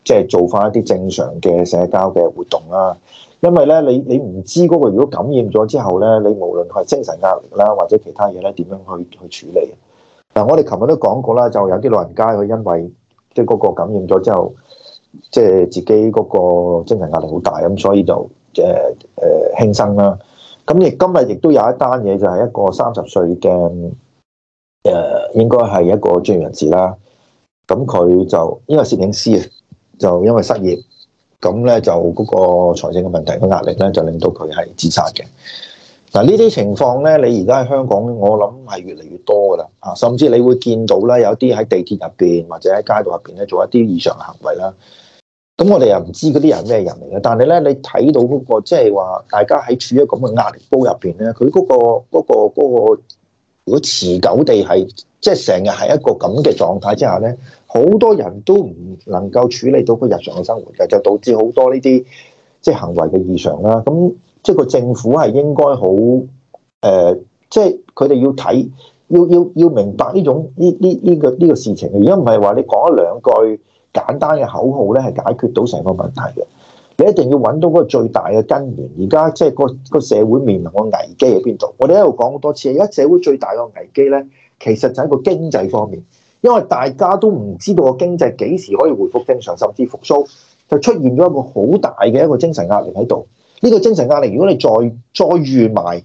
即係做翻一啲正常嘅社交嘅活動啦。因為咧，你你唔知嗰個，如果感染咗之後咧，你無論係精神壓力啦或者其他嘢咧，點樣去去處理？嗱、啊，我哋琴日都講過啦，就有啲老人家佢因為即係嗰個感染咗之後，即、就、係、係、自己嗰個精神壓力好大咁，所以就。誒誒、啊啊、輕生啦，咁亦今日亦都有一單嘢就係一個三十歲嘅，誒、啊，應該係一個專業人士啦。咁佢就呢個攝影師啊，就因為失業，咁咧就嗰個財政嘅問題，個壓力咧就令到佢係自殺嘅。嗱，呢啲情況咧，你而家喺香港，我諗係越嚟越多噶啦啊，甚至你會見到咧，有啲喺地鐵入邊或者喺街道入邊咧，做一啲異常嘅行為啦。咁我哋又唔知嗰啲人咩人嚟嘅，但係咧你睇到嗰個即係話，即係、大家喺處於咁嘅壓力煲入邊咧，佢嗰個、嗰個、嗰個，如果持久地係即係成日係一個咁嘅狀態之下咧，好多人都唔能夠處理到佢日常嘅生活嘅，就導致好多呢啲即係行為嘅異常啦。咁即係個政府係應該好誒，即係佢哋要睇，要要要明白呢種呢呢呢個呢個事情嘅。而家唔係話你講一兩句。簡單嘅口號咧，係解決到成個問題嘅。你一定要揾到嗰個最大嘅根源。而家即係個個社會面臨個危機喺邊度？我哋一度講多次，而家社會最大個危機咧，其實就喺個經濟方面，因為大家都唔知道個經濟幾時可以回復正常，甚至復甦，就出現咗一個好大嘅一個精神壓力喺度。呢個精神壓力，如果你再再遇埋，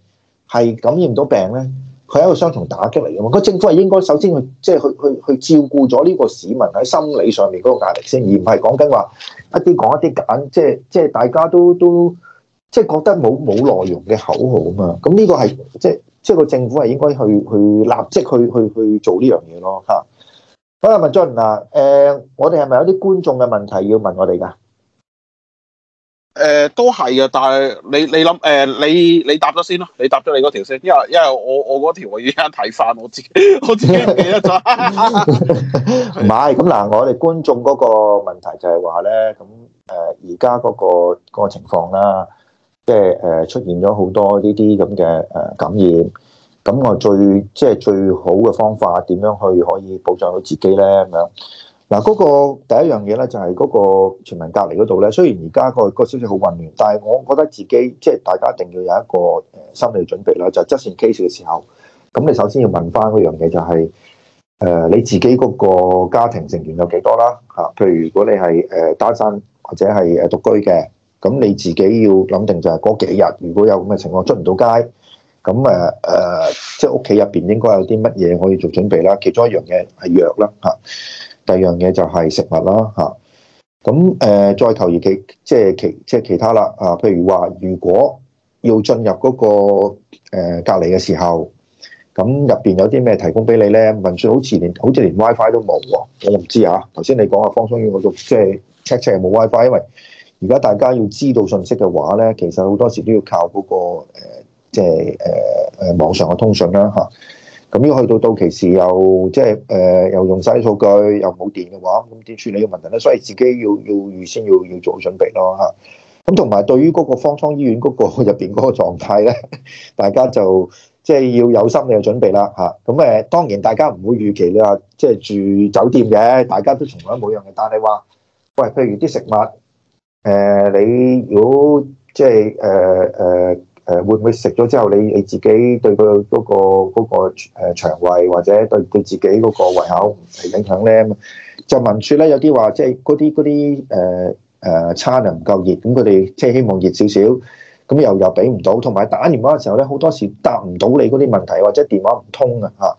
係感染到病咧。佢係一個雙重打擊嚟嘅嘛，個政府係應該首先去即係、即係、去去去照顧咗呢個市民喺心理上面嗰個壓力先，而唔係講緊話一啲講一啲揀，即係即係大家都都即係、即係、覺得冇冇內容嘅口號啊嘛，咁呢個係即係即係個政府係應該去去立即去去去做呢樣嘢咯嚇。好、嗯、啊，文進嗱，誒、呃，我哋係咪有啲觀眾嘅問題要問我哋㗎？誒、呃，都係啊，但係你你諗誒，你、呃、你答咗先咯，你答咗你嗰條先，因為因為我我嗰條我已經睇翻，我自己我自己記得唔係，咁嗱，我哋觀眾嗰個問題就係話咧，咁誒而家嗰個、嗰個情況啦，即係誒出現咗好多呢啲咁嘅誒感染，咁我最即係、即係、最好嘅方法點樣去可以保障到自己咧咁樣？嗱，嗰個第一樣嘢咧，就係、是、嗰個全民隔離嗰度咧。雖然而家嗰個嗰個消息好混亂，但係我覺得自己即係大家一定要有一個誒心理準備啦。就係 just in case 嘅時候，咁你首先要問翻嗰樣嘢就係、是、誒、呃、你自己嗰個家庭成員有幾多啦？嚇，譬如如果你係誒單身或者係誒獨居嘅，咁你自己要諗定就係嗰幾日如果有咁嘅情況出唔到街，咁誒誒，即係屋企入邊應該有啲乜嘢可以做準備啦。其中一樣嘢係藥啦，嚇。第二樣嘢就係食物啦嚇，咁誒再求而其即係其即係其他啦啊，譬如話如果要進入嗰個隔離嘅時候，咁入邊有啲咩提供俾你咧？運輸好似連好似連 WiFi 都冇喎、啊，我唔知啊。頭先你講嘅，方松遠嗰度即係 check check 有冇 WiFi，因為而家大家要知道信息嘅話咧，其實好多時都要靠嗰、嗰個即係誒誒網上嘅通訊啦、啊、嚇。咁要去到到期時又，又即係誒、呃，又用晒啲數據，又冇電嘅話，咁點處理個問題咧？所以自己要要預先要要做好準備咯嚇。咁同埋對於嗰個方艙醫院嗰、嗰個入邊嗰個狀態咧，大家就即係要有心理嘅準備啦嚇。咁、啊、誒，當然大家唔會預期你話即係住酒店嘅，大家都從來都冇樣嘅。但係話，喂，譬如啲食物，誒、呃，你如果即係誒誒。呃呃誒會唔會食咗之後，你你自己對佢嗰個嗰個誒腸胃，或者對對自己嗰個胃口係影響咧？就問説咧，有啲話即係嗰啲嗰啲誒誒餐啊唔夠熱，咁佢哋即係希望熱少少，咁又又俾唔到，同埋打電話嘅時候咧，好多時答唔到你嗰啲問題，或者電話唔通啊嚇。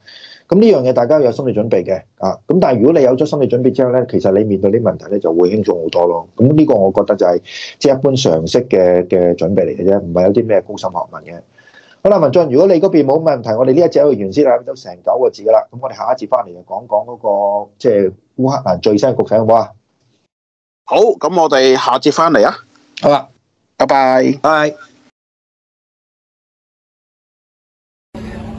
咁呢樣嘢大家有心理準備嘅啊，咁但係如果你有咗心理準備之後呢，其實你面對啲問題呢就會輕鬆好多咯。咁呢個我覺得就係即係一般常識嘅嘅準備嚟嘅啫，唔係有啲咩高深學問嘅。好啦，文進，如果你嗰邊冇問題，我哋呢一節可以完先啦，都成九個字噶啦。咁我哋下一節翻嚟就講講嗰個即係烏克蘭最新局勢好唔好啊？好，好，咁我哋下節翻嚟啊。好啦，拜拜了，拜。Bye bye.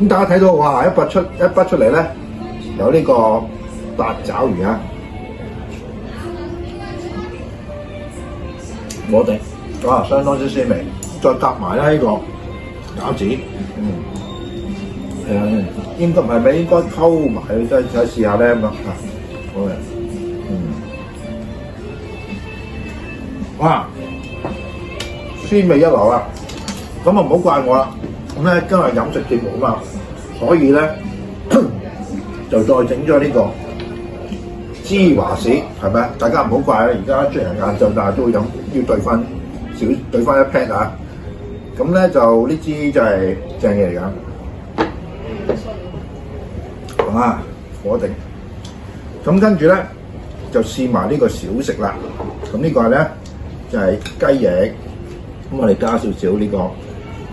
咁大家睇到哇，一筆出一筆出嚟咧，有呢個八爪魚啊，我哋、嗯、哇相當之鮮味，再夾埋咧呢個餃子，嗯，係啊、嗯，嗯、應該唔係咩，應該溝埋，真係想試下咧咁啊，好啊，嗯，哇，鮮味一流啊，咁啊唔好怪我啦。咁咧今日飲食節目啊嘛，所以咧 (coughs) 就再整咗呢個芝華士，係咪啊？大家唔好怪啦，而家雖然晏晝，但係都會飲，要兌翻少，兌翻一 pat 啊！咁咧就呢支就係正嘢嚟㗎。啊，火定。咁跟住咧就試埋呢個小食啦。咁呢個咧就係、係、雞翼。咁我哋加少少呢、呢個。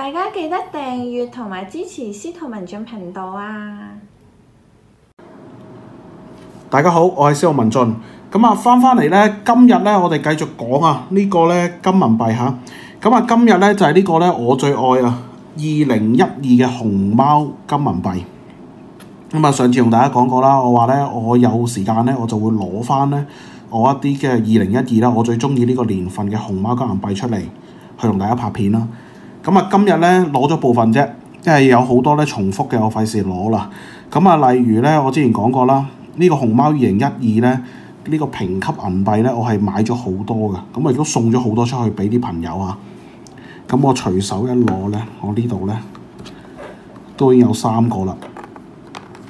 大家記得訂閱同埋支持司徒文進頻道啊！大家好，我係司徒文進。咁啊，翻翻嚟咧，今日咧，我哋繼續講啊呢個咧，金銀幣吓。咁啊，今日咧就係、是、呢個咧，我最愛啊，二零一二嘅熊貓金銀幣。咁啊，上次同大家講過啦，我話咧，我有時間咧，我就會攞翻咧我一啲嘅二零一二啦，我最中意呢個年份嘅熊貓金銀幣出嚟，去同大家拍片啦。咁啊，今日咧攞咗部分啫，即係有好多咧重複嘅，我費事攞啦。咁啊，例如咧，我之前講過啦，呢、這個熊貓二零一二咧，呢個評級銀幣咧，我係買咗好多嘅。咁啊，如果送咗好多出去俾啲朋友啊，咁我隨手一攞咧，我呢度咧都已經有三個啦。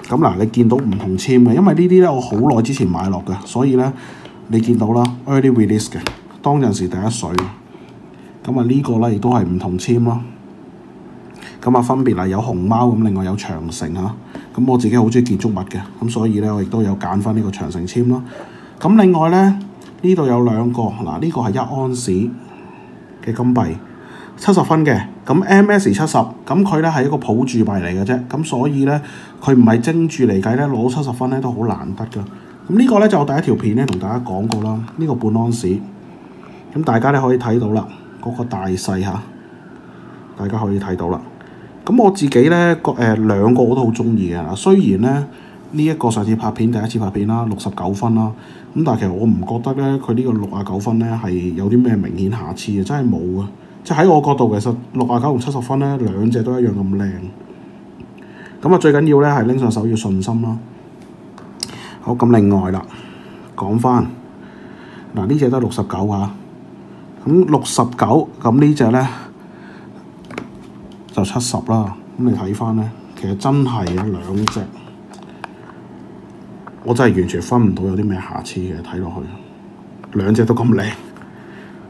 咁嗱，你見到唔同簽嘅，因為呢啲咧我好耐之前買落嘅，所以咧你見到啦 early release 嘅，當陣時第一水。咁啊，呢個咧亦都係唔同簽咯。咁啊，分別啊有熊貓咁，另外有長城嚇。咁我自己好中意建築物嘅，咁所以咧我亦都有揀翻呢個長城簽咯。咁另外咧呢度有兩個嗱，呢個係一安士嘅金幣，七十分嘅。咁 M S 七十，咁佢咧係一個普住幣嚟嘅啫。咁所以咧佢唔係精住嚟計咧，攞七十分咧都好難得㗎。咁呢個咧就我第一條片咧同大家講過啦。呢個半安士咁大家咧可以睇到啦。嗰個大細嚇，大家可以睇到啦。咁我自己咧，個誒兩個我都好中意呀。雖然咧呢一個上次拍片，第一次拍片啦，六十九分啦。咁但係其實我唔覺得咧，佢呢個六啊九分咧係有啲咩明顯瑕疵呀，真係冇呀。即係喺我角度其實六啊九同七十分咧，兩隻都一樣咁靚。咁啊，最緊要咧係拎上手要信心啦。好，咁另外啦，講翻嗱，呢隻都六十九啊。咁六十九，咁呢隻呢，就七十啦。咁你睇翻呢，其實真係有兩隻我真係完全分唔到有啲咩瑕疵嘅。睇落去兩隻都咁靚，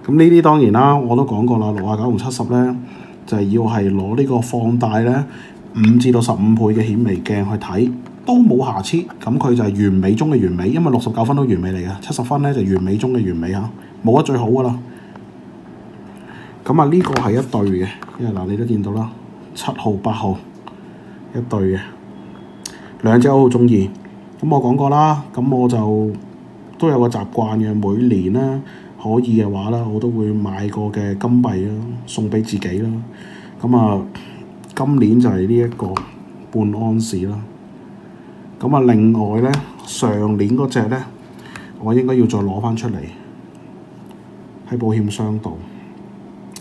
咁呢啲當然啦，我都講過啦，六啊九同七十呢，就係、是、要係攞呢個放大呢，五至到十五倍嘅顯微鏡去睇，都冇瑕疵。咁佢就係完美中嘅完美，因為六十九分都完美嚟嘅。七十分呢，就是、完美中嘅完美嚇，冇得最好噶啦。咁啊，呢個係一對嘅，因為嗱，你都見到啦，七號八號一對嘅兩隻，我好中意。咁我講過啦，咁我就都有個習慣嘅，每年咧可以嘅話咧，我都會買過嘅金幣啦，送俾自己啦。咁啊，今年就係呢一個半安士啦。咁啊，另外咧，上年嗰隻咧，我應該要再攞翻出嚟喺保險箱度。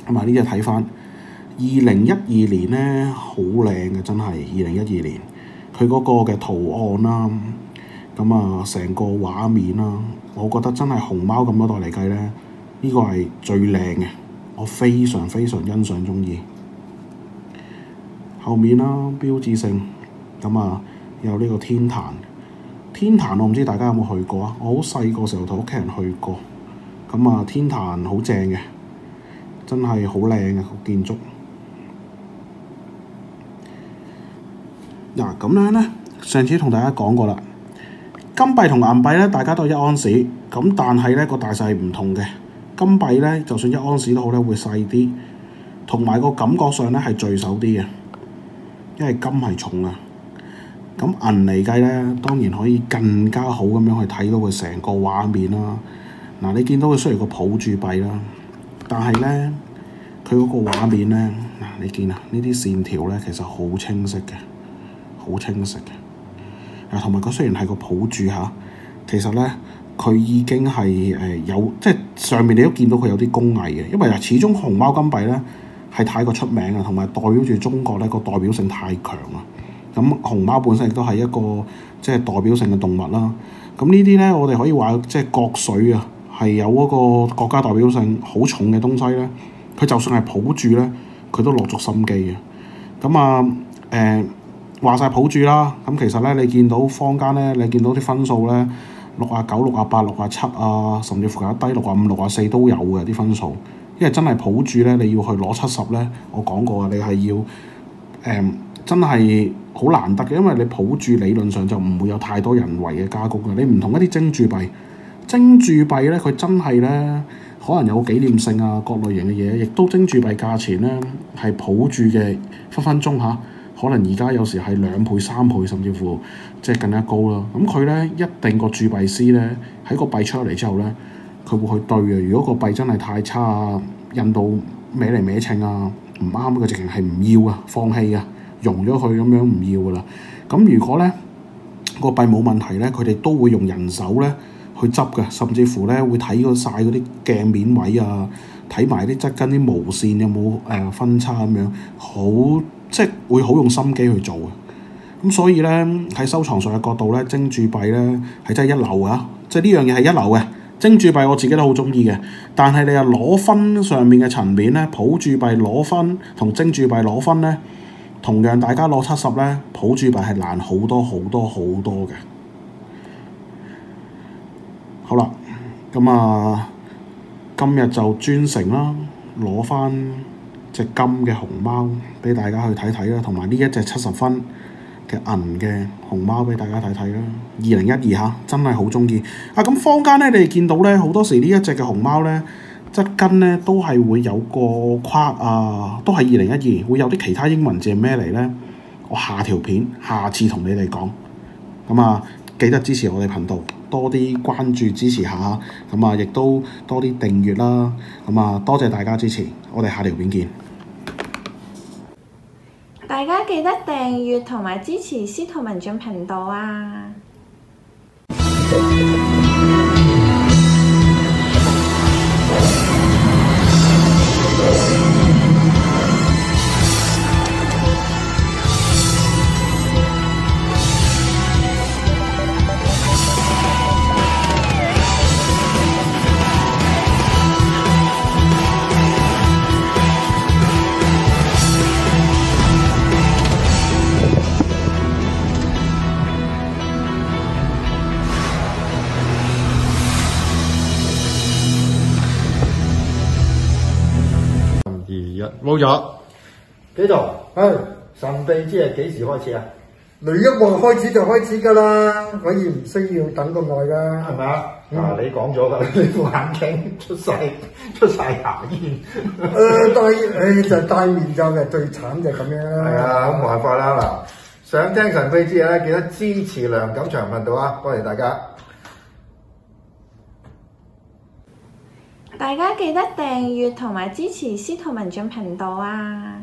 同埋呢隻睇翻，二零一二年呢，好靚嘅，真係二零一二年，佢嗰個嘅圖案啦、啊，咁啊成個畫面啦、啊，我覺得真係熊貓咁多代嚟計呢，呢、這個係最靚嘅，我非常非常欣賞鍾意。後面啦、啊，標誌性，咁啊有呢個天壇，天壇我唔知大家有冇去過啊？我好細個時候同屋企人去過，咁啊天壇好正嘅。真係好靚嘅建築。嗱，咁樣咧，上次同大家講過啦，金幣同銀幣咧，大家都係一安士，咁但係咧，個大細唔同嘅。金幣咧，就算一安士都好咧，會細啲，同埋個感覺上咧係聚手啲嘅，因為金係重啊。咁銀嚟計咧，當然可以更加好咁樣去睇到佢成個畫面啦。嗱，你見到佢雖然個抱住幣啦。但係咧，佢嗰個畫面咧，嗱你見啊，呢啲線條咧其實好清晰嘅，好清晰嘅。啊，同埋佢雖然係個抱住嚇，其實咧佢已經係誒有，即係上面你都見到佢有啲工藝嘅。因為啊，始終熊貓金幣咧係太過出名啦，同埋代表住中國咧個代表性太強啦。咁熊貓本身亦都係一個即係代表性嘅動物啦。咁呢啲咧，我哋可以話即係國粹啊。係有嗰個國家代表性好重嘅東西咧，佢就算係抱住咧，佢都落足心機嘅。咁啊，誒話晒抱住啦。咁其實咧，你見到坊間咧，你見到啲分數咧，六啊九、六啊八、六啊七啊，甚至乎有低六啊五、六啊四都有嘅啲分數。因為真係抱住咧，你要去攞七十咧，我講過嘅，你係要誒、呃、真係好難得嘅，因為你抱住理論上就唔會有太多人為嘅加工啦。你唔同一啲精鑄幣。精鑄幣咧，佢真係咧，可能有紀念性啊，各類型嘅嘢，亦都精鑄幣價錢咧係抱住嘅分分鐘嚇、啊。可能而家有時係兩倍、三倍，甚至乎即係更加高啦。咁佢咧一定個鑄幣師咧喺個幣出嚟之後咧，佢會去對啊。如果個幣真係太差啊，印度咩嚟咩稱啊，唔啱嘅，直情係唔要啊，放棄啊，融咗佢咁樣唔要噶啦。咁、嗯、如果咧、嗰個幣冇問題咧，佢哋都會用人手咧。去執嘅，甚至乎咧會睇嗰曬嗰啲鏡面位啊，睇埋啲側跟啲毛線有冇誒、呃、分叉咁樣，好即係會好用心機去做嘅。咁所以咧喺收藏上嘅角度咧，精鑄幣咧係真係一流啊！即係呢樣嘢係一流嘅。精鑄幣我自己都好中意嘅，但係你又攞分上面嘅層面咧，普鑄幣攞分同精鑄幣攞分咧，同樣大家攞七十咧，普鑄幣係難好多好多好多嘅。好啦，咁啊，今日就專程啦，攞翻隻金嘅熊貓俾大家去睇睇啦，同埋呢一隻七十分嘅銀嘅熊貓俾大家睇睇啦。二零一二吓，真係好中意啊！咁坊間咧，你哋見到咧，好多時呢一隻嘅熊貓咧，側根咧都係會有個框啊，都係二零一二，會有啲其他英文字係咩嚟咧？我下條片下次同你哋講。咁啊，記得支持我哋頻道。多啲關注支持下，咁啊，亦都多啲訂閱啦，咁啊，多謝大家支持，我哋下條片見。大家記得訂閱同埋支持司徒文進頻道啊！冇咗，基督，神秘之夜幾時開始啊？雷一話開始就開始噶啦，可以唔需要等咁耐噶，係咪？你講咗啦，你副眼鏡出晒，出晒牙煙，誒，戴，就戴面罩嘅最慘就咁樣啦。係啊，冇辦法啦。嗱，想聽神秘之夜咧，記得支持梁錦祥頻道啊，多謝大家。大家記得訂閱同埋支持司徒文進頻道啊！